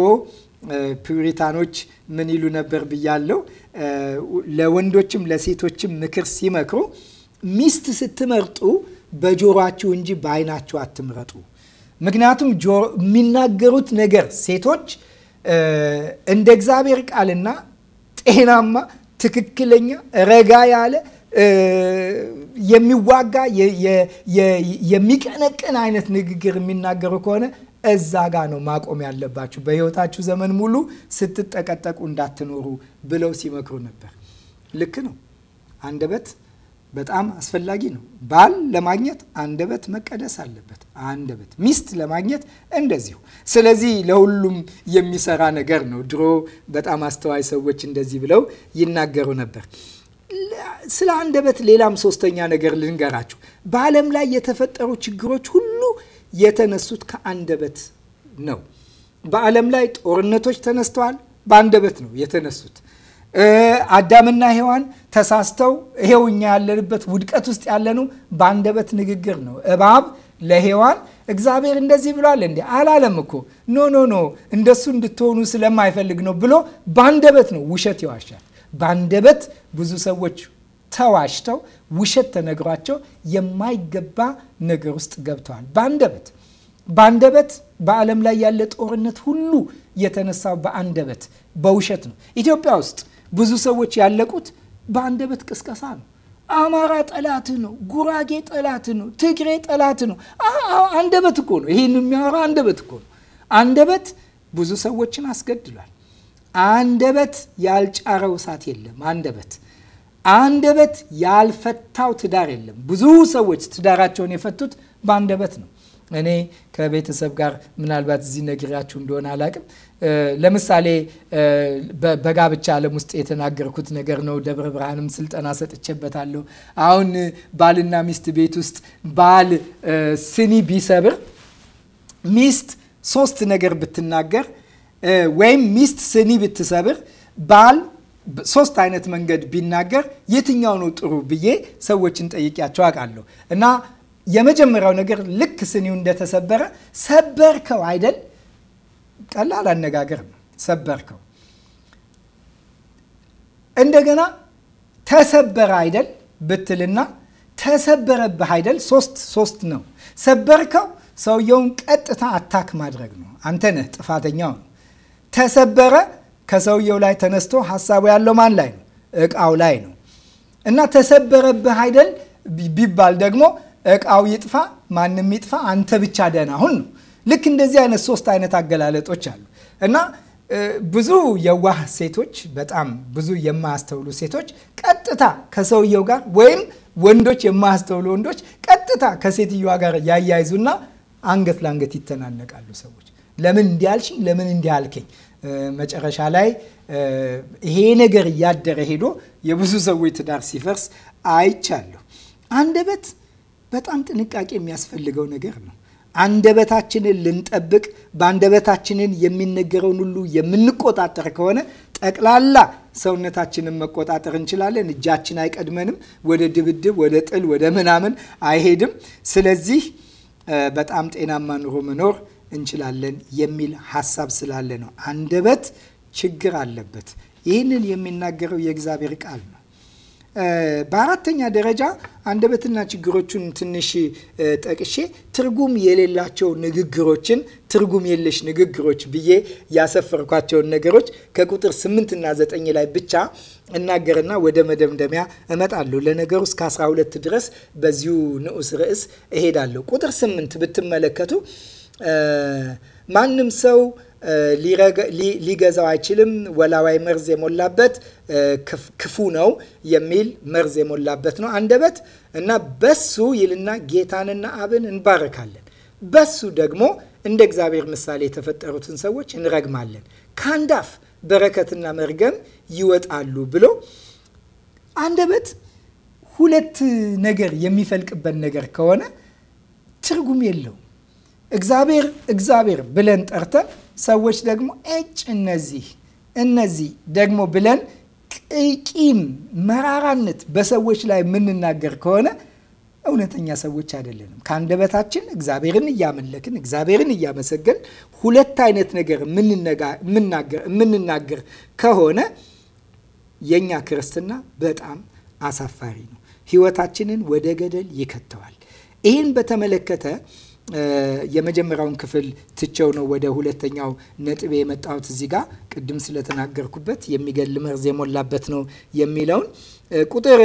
ፒውሪታኖች ምን ይሉ ነበር ብያለው። ለወንዶችም ለሴቶችም ምክር ሲመክሩ ሚስት ስትመርጡ በጆሯችሁ እንጂ በዓይናችሁ አትምረጡ። ምክንያቱም የሚናገሩት ነገር ሴቶች እንደ እግዚአብሔር ቃልና ጤናማ፣ ትክክለኛ፣ ረጋ ያለ የሚዋጋ የሚቀነቅን አይነት ንግግር የሚናገሩ ከሆነ እዛ ጋ ነው ማቆም ያለባችሁ፣ በህይወታችሁ ዘመን ሙሉ ስትጠቀጠቁ እንዳትኖሩ ብለው ሲመክሩ ነበር። ልክ ነው። አንደበት በጣም አስፈላጊ ነው። ባል ለማግኘት አንደበት መቀደስ አለበት። አንደበት ሚስት ለማግኘት እንደዚሁ። ስለዚህ ለሁሉም የሚሰራ ነገር ነው። ድሮ በጣም አስተዋይ ሰዎች እንደዚህ ብለው ይናገሩ ነበር። ስለ አንደበት ሌላም ሶስተኛ ነገር ልንገራችሁ። በዓለም ላይ የተፈጠሩ ችግሮች ሁሉ የተነሱት ከአንደበት ነው። በዓለም ላይ ጦርነቶች ተነስተዋል። በአንደበት ነው የተነሱት። አዳምና ሔዋን ተሳስተው ይሄው እኛ ያለንበት ውድቀት ውስጥ ያለነው በአንደበት ንግግር ነው። እባብ ለሔዋን እግዚአብሔር እንደዚህ ብሏል እንዴ አላለም እኮ ኖ ኖ ኖ እንደሱ እንድትሆኑ ስለማይፈልግ ነው ብሎ በአንደበት ነው ውሸት ይዋሻል። በአንደበት ብዙ ሰዎች ተዋሽተው ውሸት ተነግሯቸው የማይገባ ነገር ውስጥ ገብተዋል። በአንደበት በአንደበት በዓለም ላይ ያለ ጦርነት ሁሉ የተነሳው በአንደበት በውሸት ነው። ኢትዮጵያ ውስጥ ብዙ ሰዎች ያለቁት በአንደበት ቅስቀሳ ነው። አማራ ጠላት ነው፣ ጉራጌ ጠላት ነው፣ ትግሬ ጠላት ነው። አንደበት እኮ ነው ይህን የሚያወራ አንደበት እኮ ነው። አንደበት ብዙ ሰዎችን አስገድሏል። አንደበት ያልጫረው እሳት የለም። አንደበት አንደበት ያልፈታው ትዳር የለም። ብዙ ሰዎች ትዳራቸውን የፈቱት በአንደበት ነው። እኔ ከቤተሰብ ጋር ምናልባት እዚህ ነግራችሁ እንደሆነ አላቅም። ለምሳሌ በጋብቻ ዓለም ውስጥ የተናገርኩት ነገር ነው። ደብረ ብርሃንም ስልጠና ሰጥቼበታለሁ። አሁን ባልና ሚስት ቤት ውስጥ ባል ስኒ ቢሰብር ሚስት ሶስት ነገር ብትናገር ወይም ሚስት ስኒ ብትሰብር ባል ሶስት አይነት መንገድ ቢናገር የትኛው ነው ጥሩ ብዬ ሰዎችን ጠይቂያቸው አውቃለሁ። እና የመጀመሪያው ነገር ልክ ስኒው እንደተሰበረ ሰበርከው አይደል? ቀላል አነጋገር ነው። ሰበርከው። እንደገና ተሰበረ አይደል ብትልና ተሰበረብህ አይደል፣ ሶስት ሶስት ነው። ሰበርከው ሰውየውን ቀጥታ አታክ ማድረግ ነው። አንተ ነህ ጥፋተኛው ነው። ተሰበረ ከሰውየው ላይ ተነስቶ ሀሳቡ ያለው ማን ላይ ነው? እቃው ላይ ነው። እና ተሰበረብህ አይደል ቢባል ደግሞ እቃው ይጥፋ ማንም ይጥፋ አንተ ብቻ ደህና ሁን ነው። ልክ እንደዚህ አይነት ሶስት አይነት አገላለጦች አሉ እና ብዙ የዋህ ሴቶች፣ በጣም ብዙ የማያስተውሉ ሴቶች ቀጥታ ከሰውየው ጋር ወይም ወንዶች የማያስተውሉ ወንዶች ቀጥታ ከሴትዮዋ ጋር ያያይዙና አንገት ለአንገት ይተናነቃሉ ሰዎች ለምን እንዲያልሽኝ ለምን እንዲያልከኝ መጨረሻ ላይ ይሄ ነገር እያደረ ሄዶ የብዙ ሰዎች ትዳር ሲፈርስ አይቻለሁ። አንደበት በጣም ጥንቃቄ የሚያስፈልገው ነገር ነው። አንደበታችንን ልንጠብቅ፣ በአንደበታችንን የሚነገረውን ሁሉ የምንቆጣጠር ከሆነ ጠቅላላ ሰውነታችንን መቆጣጠር እንችላለን። እጃችን አይቀድመንም። ወደ ድብድብ፣ ወደ ጥል፣ ወደ ምናምን አይሄድም። ስለዚህ በጣም ጤናማ ኑሮ መኖር እንችላለን የሚል ሀሳብ ስላለ ነው። አንደበት ችግር አለበት። ይህንን የሚናገረው የእግዚአብሔር ቃል ነው። በአራተኛ ደረጃ አንደበትና ችግሮቹን ትንሽ ጠቅሼ ትርጉም የሌላቸው ንግግሮችን ትርጉም የለሽ ንግግሮች ብዬ ያሰፈርኳቸውን ነገሮች ከቁጥር ስምንትና ዘጠኝ ላይ ብቻ እናገርና ወደ መደምደሚያ እመጣለሁ። ለነገሩ እስከ 12 ድረስ በዚሁ ንዑስ ርዕስ እሄዳለሁ። ቁጥር ስምንት ብትመለከቱ ማንም ሰው ሊገዛው አይችልም፣ ወላዋይ መርዝ የሞላበት ክፉ ነው የሚል መርዝ የሞላበት ነው አንደበት እና በሱ ይልና ጌታንና አብን እንባረካለን። በሱ ደግሞ እንደ እግዚአብሔር ምሳሌ የተፈጠሩትን ሰዎች እንረግማለን። ከአንድ አፍ በረከትና መርገም ይወጣሉ ብሎ አንደበት ሁለት ነገር የሚፈልቅበት ነገር ከሆነ ትርጉም የለው እግዚአብሔር እግዚአብሔር ብለን ጠርተን ሰዎች ደግሞ እጭ እነዚህ እነዚህ ደግሞ ብለን ቂም፣ መራራነት በሰዎች ላይ የምንናገር ከሆነ እውነተኛ ሰዎች አይደለንም። ከአንደበታችን እግዚአብሔርን እያመለክን እግዚአብሔርን እያመሰገን ሁለት አይነት ነገር የምንናገር ከሆነ የእኛ ክርስትና በጣም አሳፋሪ ነው። ሕይወታችንን ወደ ገደል ይከተዋል። ይህን በተመለከተ የመጀመሪያውን ክፍል ትቼው ነው ወደ ሁለተኛው ነጥቤ የመጣሁት። እዚህ ጋር ቅድም ስለተናገርኩበት የሚገል መርዝ የሞላበት ነው የሚለውን ቁጥር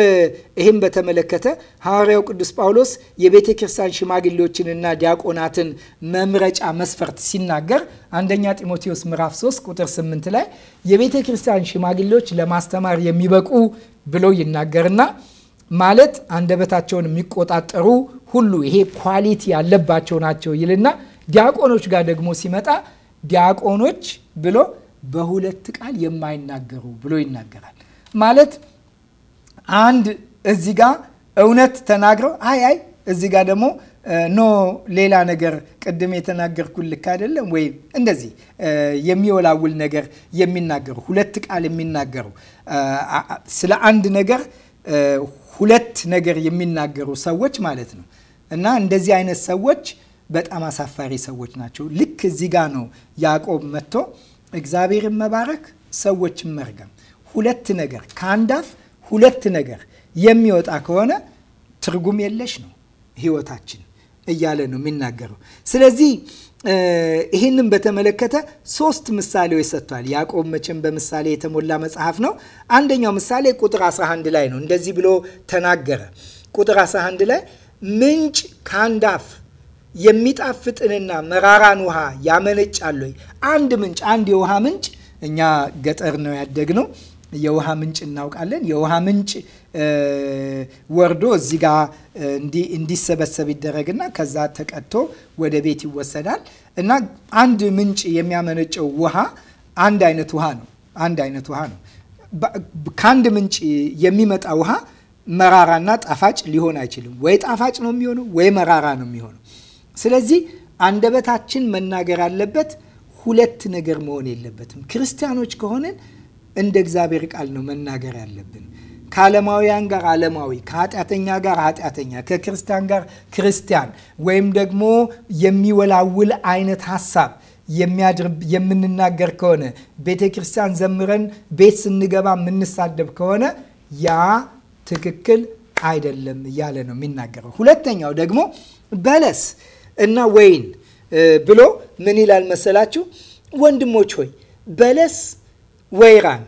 ይህም በተመለከተ ሐዋርያው ቅዱስ ጳውሎስ የቤተ ክርስቲያን ሽማግሌዎችንና ዲያቆናትን መምረጫ መስፈርት ሲናገር አንደኛ ጢሞቴዎስ ምዕራፍ 3 ቁጥር 8 ላይ የቤተ ክርስቲያን ሽማግሌዎች ለማስተማር የሚበቁ ብሎ ይናገርና ማለት አንደበታቸውን የሚቆጣጠሩ ሁሉ ይሄ ኳሊቲ ያለባቸው ናቸው ይልና ዲያቆኖች ጋር ደግሞ ሲመጣ ዲያቆኖች ብሎ በሁለት ቃል የማይናገሩ ብሎ ይናገራል። ማለት አንድ እዚህ ጋር እውነት ተናግረው አይ አይ እዚህ ጋር ደግሞ ኖ ሌላ ነገር ቅድም የተናገርኩት ልክ አይደለም ወይም እንደዚህ የሚወላውል ነገር የሚናገሩ ሁለት ቃል የሚናገሩ ስለ አንድ ነገር ሁለት ነገር የሚናገሩ ሰዎች ማለት ነው። እና እንደዚህ አይነት ሰዎች በጣም አሳፋሪ ሰዎች ናቸው። ልክ እዚህ ጋር ነው ያዕቆብ መጥቶ እግዚአብሔርን መባረክ፣ ሰዎችን መርገም፣ ሁለት ነገር ከአንድ አፍ ሁለት ነገር የሚወጣ ከሆነ ትርጉም የለሽ ነው ህይወታችን እያለ ነው የሚናገረው። ስለዚህ ይህንም በተመለከተ ሶስት ምሳሌዎች ሰጥቷል። ያዕቆብ መቼም በምሳሌ የተሞላ መጽሐፍ ነው። አንደኛው ምሳሌ ቁጥር 11 ላይ ነው። እንደዚህ ብሎ ተናገረ። ቁጥር 11 ላይ ምንጭ ከአንድ አፍ የሚጣፍጥንና መራራን ውሃ ያመነጫል ወይ? አንድ ምንጭ፣ አንድ የውሃ ምንጭ። እኛ ገጠር ነው ያደግነው። የውሃ ምንጭ እናውቃለን። የውሃ ምንጭ ወርዶ እዚህ ጋር እንዲሰበሰብ ይደረግና ከዛ ተቀጥቶ ወደ ቤት ይወሰዳል እና አንድ ምንጭ የሚያመነጨው ውሃ አንድ አይነት ውሃ ነው። አንድ አይነት ውሃ ነው። ከአንድ ምንጭ የሚመጣ ውሃ መራራና ጣፋጭ ሊሆን አይችልም። ወይ ጣፋጭ ነው የሚሆነው ወይ መራራ ነው የሚሆነው። ስለዚህ አንደበታችን መናገር አለበት። ሁለት ነገር መሆን የለበትም። ክርስቲያኖች ከሆንን እንደ እግዚአብሔር ቃል ነው መናገር ያለብን። ከዓለማውያን ጋር ዓለማዊ፣ ከኃጢአተኛ ጋር ኃጢአተኛ፣ ከክርስቲያን ጋር ክርስቲያን ወይም ደግሞ የሚወላውል አይነት ሀሳብ የሚያድርብ የምንናገር ከሆነ ቤተ ክርስቲያን ዘምረን ቤት ስንገባ የምንሳደብ ከሆነ ያ ትክክል አይደለም እያለ ነው የሚናገረው። ሁለተኛው ደግሞ በለስ እና ወይን ብሎ ምን ይላል መሰላችሁ? ወንድሞች ሆይ በለስ ወይራን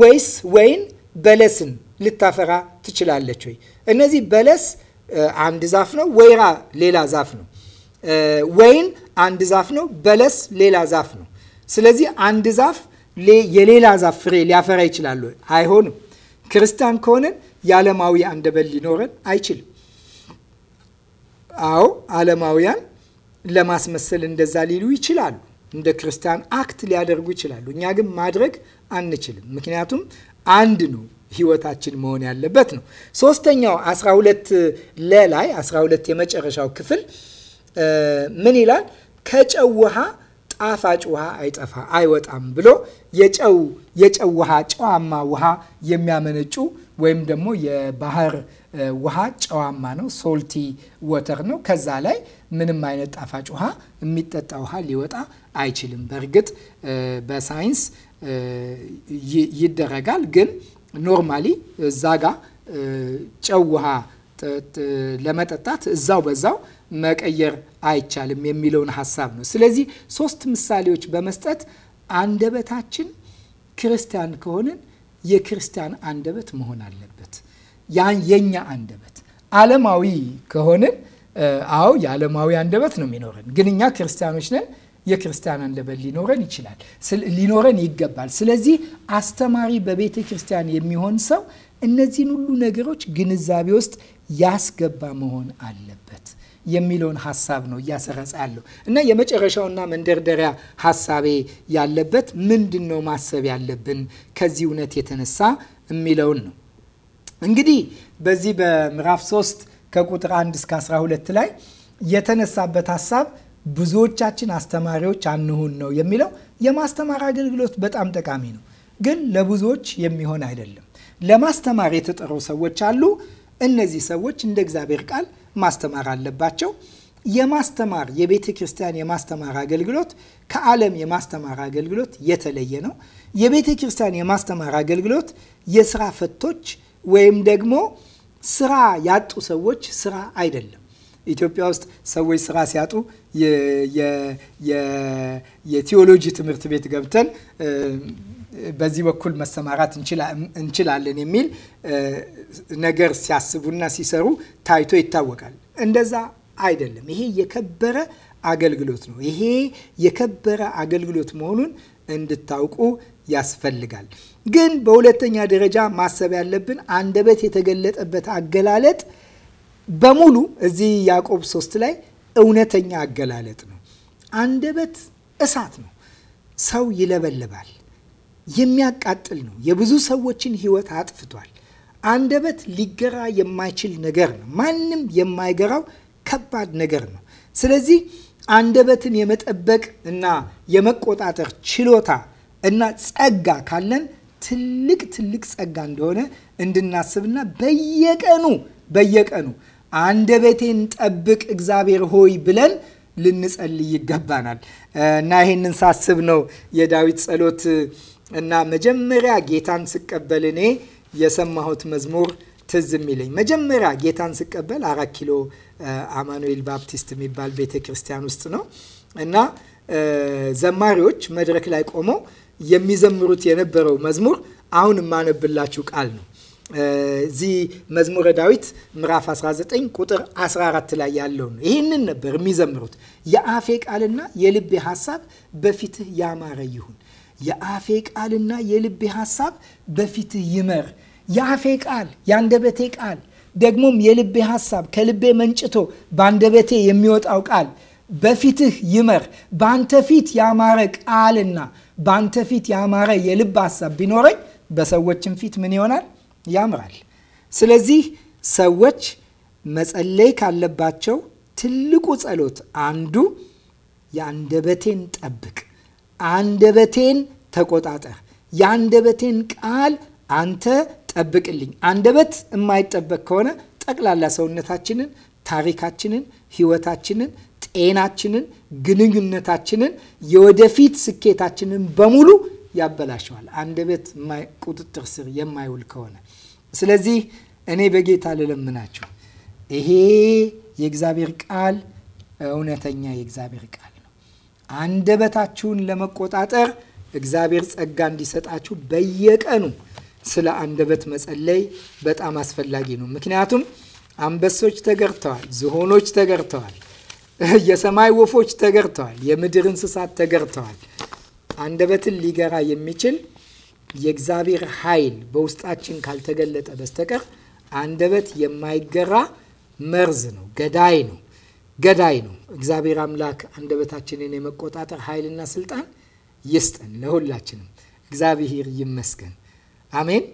ወይስ ወይን በለስን ልታፈራ ትችላለች ወይ? እነዚህ በለስ አንድ ዛፍ ነው፣ ወይራ ሌላ ዛፍ ነው፣ ወይን አንድ ዛፍ ነው፣ በለስ ሌላ ዛፍ ነው። ስለዚህ አንድ ዛፍ የሌላ ዛፍ ፍሬ ሊያፈራ ይችላሉ አይሆንም። ክርስቲያን ከሆነን የዓለማዊ አንደበት ሊኖረን አይችልም። አዎ ዓለማውያን ለማስመሰል እንደዛ ሊሉ ይችላሉ። እንደ ክርስቲያን አክት ሊያደርጉ ይችላሉ። እኛ ግን ማድረግ አንችልም። ምክንያቱም አንድ ነው ህይወታችን መሆን ያለበት ነው። ሶስተኛው 12 ለላይ 12 የመጨረሻው ክፍል ምን ይላል? ከጨው ውሃ ጣፋጭ ውሃ አይጠፋ አይወጣም ብሎ የጨው የጨው ውሃ ጨዋማ ውሃ የሚያመነጩ ወይም ደግሞ የባህር ውሃ ጨዋማ ነው፣ ሶልቲ ወተር ነው። ከዛ ላይ ምንም አይነት ጣፋጭ ውሃ የሚጠጣ ውሃ ሊወጣ አይችልም። በእርግጥ በሳይንስ ይደረጋል ግን ኖርማሊ እዛ ጋ ጨው ውሃ ለመጠጣት እዛው በዛው መቀየር አይቻልም የሚለውን ሀሳብ ነው። ስለዚህ ሶስት ምሳሌዎች በመስጠት አንደበታችን ክርስቲያን ከሆንን የክርስቲያን አንደበት መሆን አለበት። ያን የኛ አንደበት ዓለማዊ ከሆንን አዎ የዓለማዊ አንደበት ነው የሚኖረን፣ ግን እኛ ክርስቲያኖች ነን። የክርስቲያን ልበል ሊኖረን ይችላል፣ ሊኖረን ይገባል። ስለዚህ አስተማሪ በቤተ ክርስቲያን የሚሆን ሰው እነዚህን ሁሉ ነገሮች ግንዛቤ ውስጥ ያስገባ መሆን አለበት የሚለውን ሀሳብ ነው እያሰረጸ ያለው እና የመጨረሻውና መንደርደሪያ ሀሳቤ ያለበት ምንድን ነው ማሰብ ያለብን ከዚህ እውነት የተነሳ የሚለውን ነው። እንግዲህ በዚህ በምዕራፍ 3 ከቁጥር 1 እስከ 12 ላይ የተነሳበት ሀሳብ ብዙዎቻችን አስተማሪዎች አንሁን ነው የሚለው። የማስተማር አገልግሎት በጣም ጠቃሚ ነው፣ ግን ለብዙዎች የሚሆን አይደለም። ለማስተማር የተጠሩ ሰዎች አሉ። እነዚህ ሰዎች እንደ እግዚአብሔር ቃል ማስተማር አለባቸው። የማስተማር የቤተ ክርስቲያን የማስተማር አገልግሎት ከዓለም የማስተማር አገልግሎት የተለየ ነው። የቤተ ክርስቲያን የማስተማር አገልግሎት የስራ ፈቶች ወይም ደግሞ ስራ ያጡ ሰዎች ስራ አይደለም። ኢትዮጵያ ውስጥ ሰዎች ስራ ሲያጡ የቲዎሎጂ ትምህርት ቤት ገብተን በዚህ በኩል መሰማራት እንችላለን የሚል ነገር ሲያስቡና ሲሰሩ ታይቶ ይታወቃል። እንደዛ አይደለም። ይሄ የከበረ አገልግሎት ነው። ይሄ የከበረ አገልግሎት መሆኑን እንድታውቁ ያስፈልጋል። ግን በሁለተኛ ደረጃ ማሰብ ያለብን አንደበት የተገለጠበት አገላለጥ በሙሉ እዚህ ያዕቆብ ሶስት ላይ እውነተኛ አገላለጥ ነው። አንደበት እሳት ነው። ሰው ይለበልባል፣ የሚያቃጥል ነው። የብዙ ሰዎችን ሕይወት አጥፍቷል። አንደበት ሊገራ የማይችል ነገር ነው። ማንም የማይገራው ከባድ ነገር ነው። ስለዚህ አንደበትን የመጠበቅ እና የመቆጣጠር ችሎታ እና ጸጋ ካለን ትልቅ ትልቅ ጸጋ እንደሆነ እንድናስብና በየቀኑ በየቀኑ አንደበቴን ጠብቅ እግዚአብሔር ሆይ ብለን ልንጸልይ ይገባናል እና ይህንን ሳስብ ነው የዳዊት ጸሎት እና መጀመሪያ ጌታን ስቀበል እኔ የሰማሁት መዝሙር ትዝ የሚለኝ መጀመሪያ ጌታን ስቀበል አራት ኪሎ አማኑኤል ባፕቲስት የሚባል ቤተ ክርስቲያን ውስጥ ነው እና ዘማሪዎች መድረክ ላይ ቆመው የሚዘምሩት የነበረው መዝሙር አሁን የማነብላችሁ ቃል ነው እዚህ መዝሙረ ዳዊት ምዕራፍ 19 ቁጥር 14 ላይ ያለው ነው። ይህንን ነበር የሚዘምሩት። የአፌ ቃልና የልቤ ሐሳብ በፊትህ ያማረ ይሁን። የአፌ ቃልና የልቤ ሐሳብ በፊትህ ይመር። የአፌ ቃል የአንደበቴ ቃል ደግሞም የልቤ ሐሳብ ከልቤ መንጭቶ በአንደበቴ የሚወጣው ቃል በፊትህ ይመር። በአንተ ፊት ያማረ ቃልና በአንተ ፊት ያማረ የልብ ሐሳብ ቢኖረኝ በሰዎችም ፊት ምን ይሆናል? ያምራል። ስለዚህ ሰዎች መጸለይ ካለባቸው ትልቁ ጸሎት አንዱ የአንደበቴን ጠብቅ፣ አንደበቴን ተቆጣጠር፣ የአንደበቴን ቃል አንተ ጠብቅልኝ። አንደበት የማይጠበቅ ከሆነ ጠቅላላ ሰውነታችንን፣ ታሪካችንን፣ ህይወታችንን፣ ጤናችንን፣ ግንኙነታችንን፣ የወደፊት ስኬታችንን በሙሉ ያበላሸዋል። አንደበት ቁጥጥር ስር የማይውል ከሆነ ስለዚህ እኔ በጌታ ልለምናችሁ፣ ይሄ የእግዚአብሔር ቃል እውነተኛ የእግዚአብሔር ቃል ነው። አንደበታችሁን ለመቆጣጠር እግዚአብሔር ጸጋ እንዲሰጣችሁ በየቀኑ ስለ አንደበት መጸለይ በጣም አስፈላጊ ነው። ምክንያቱም አንበሶች ተገርተዋል፣ ዝሆኖች ተገርተዋል፣ *laughs* የሰማይ ወፎች ተገርተዋል፣ የምድር እንስሳት ተገርተዋል። አንደበትን ሊገራ የሚችል የእግዚአብሔር ኃይል በውስጣችን ካልተገለጠ በስተቀር አንደበት የማይገራ መርዝ ነው፣ ገዳይ ነው፣ ገዳይ ነው። እግዚአብሔር አምላክ አንደበታችንን የመቆጣጠር ኃይልና ስልጣን ይስጠን ለሁላችንም። እግዚአብሔር ይመስገን። አሜን።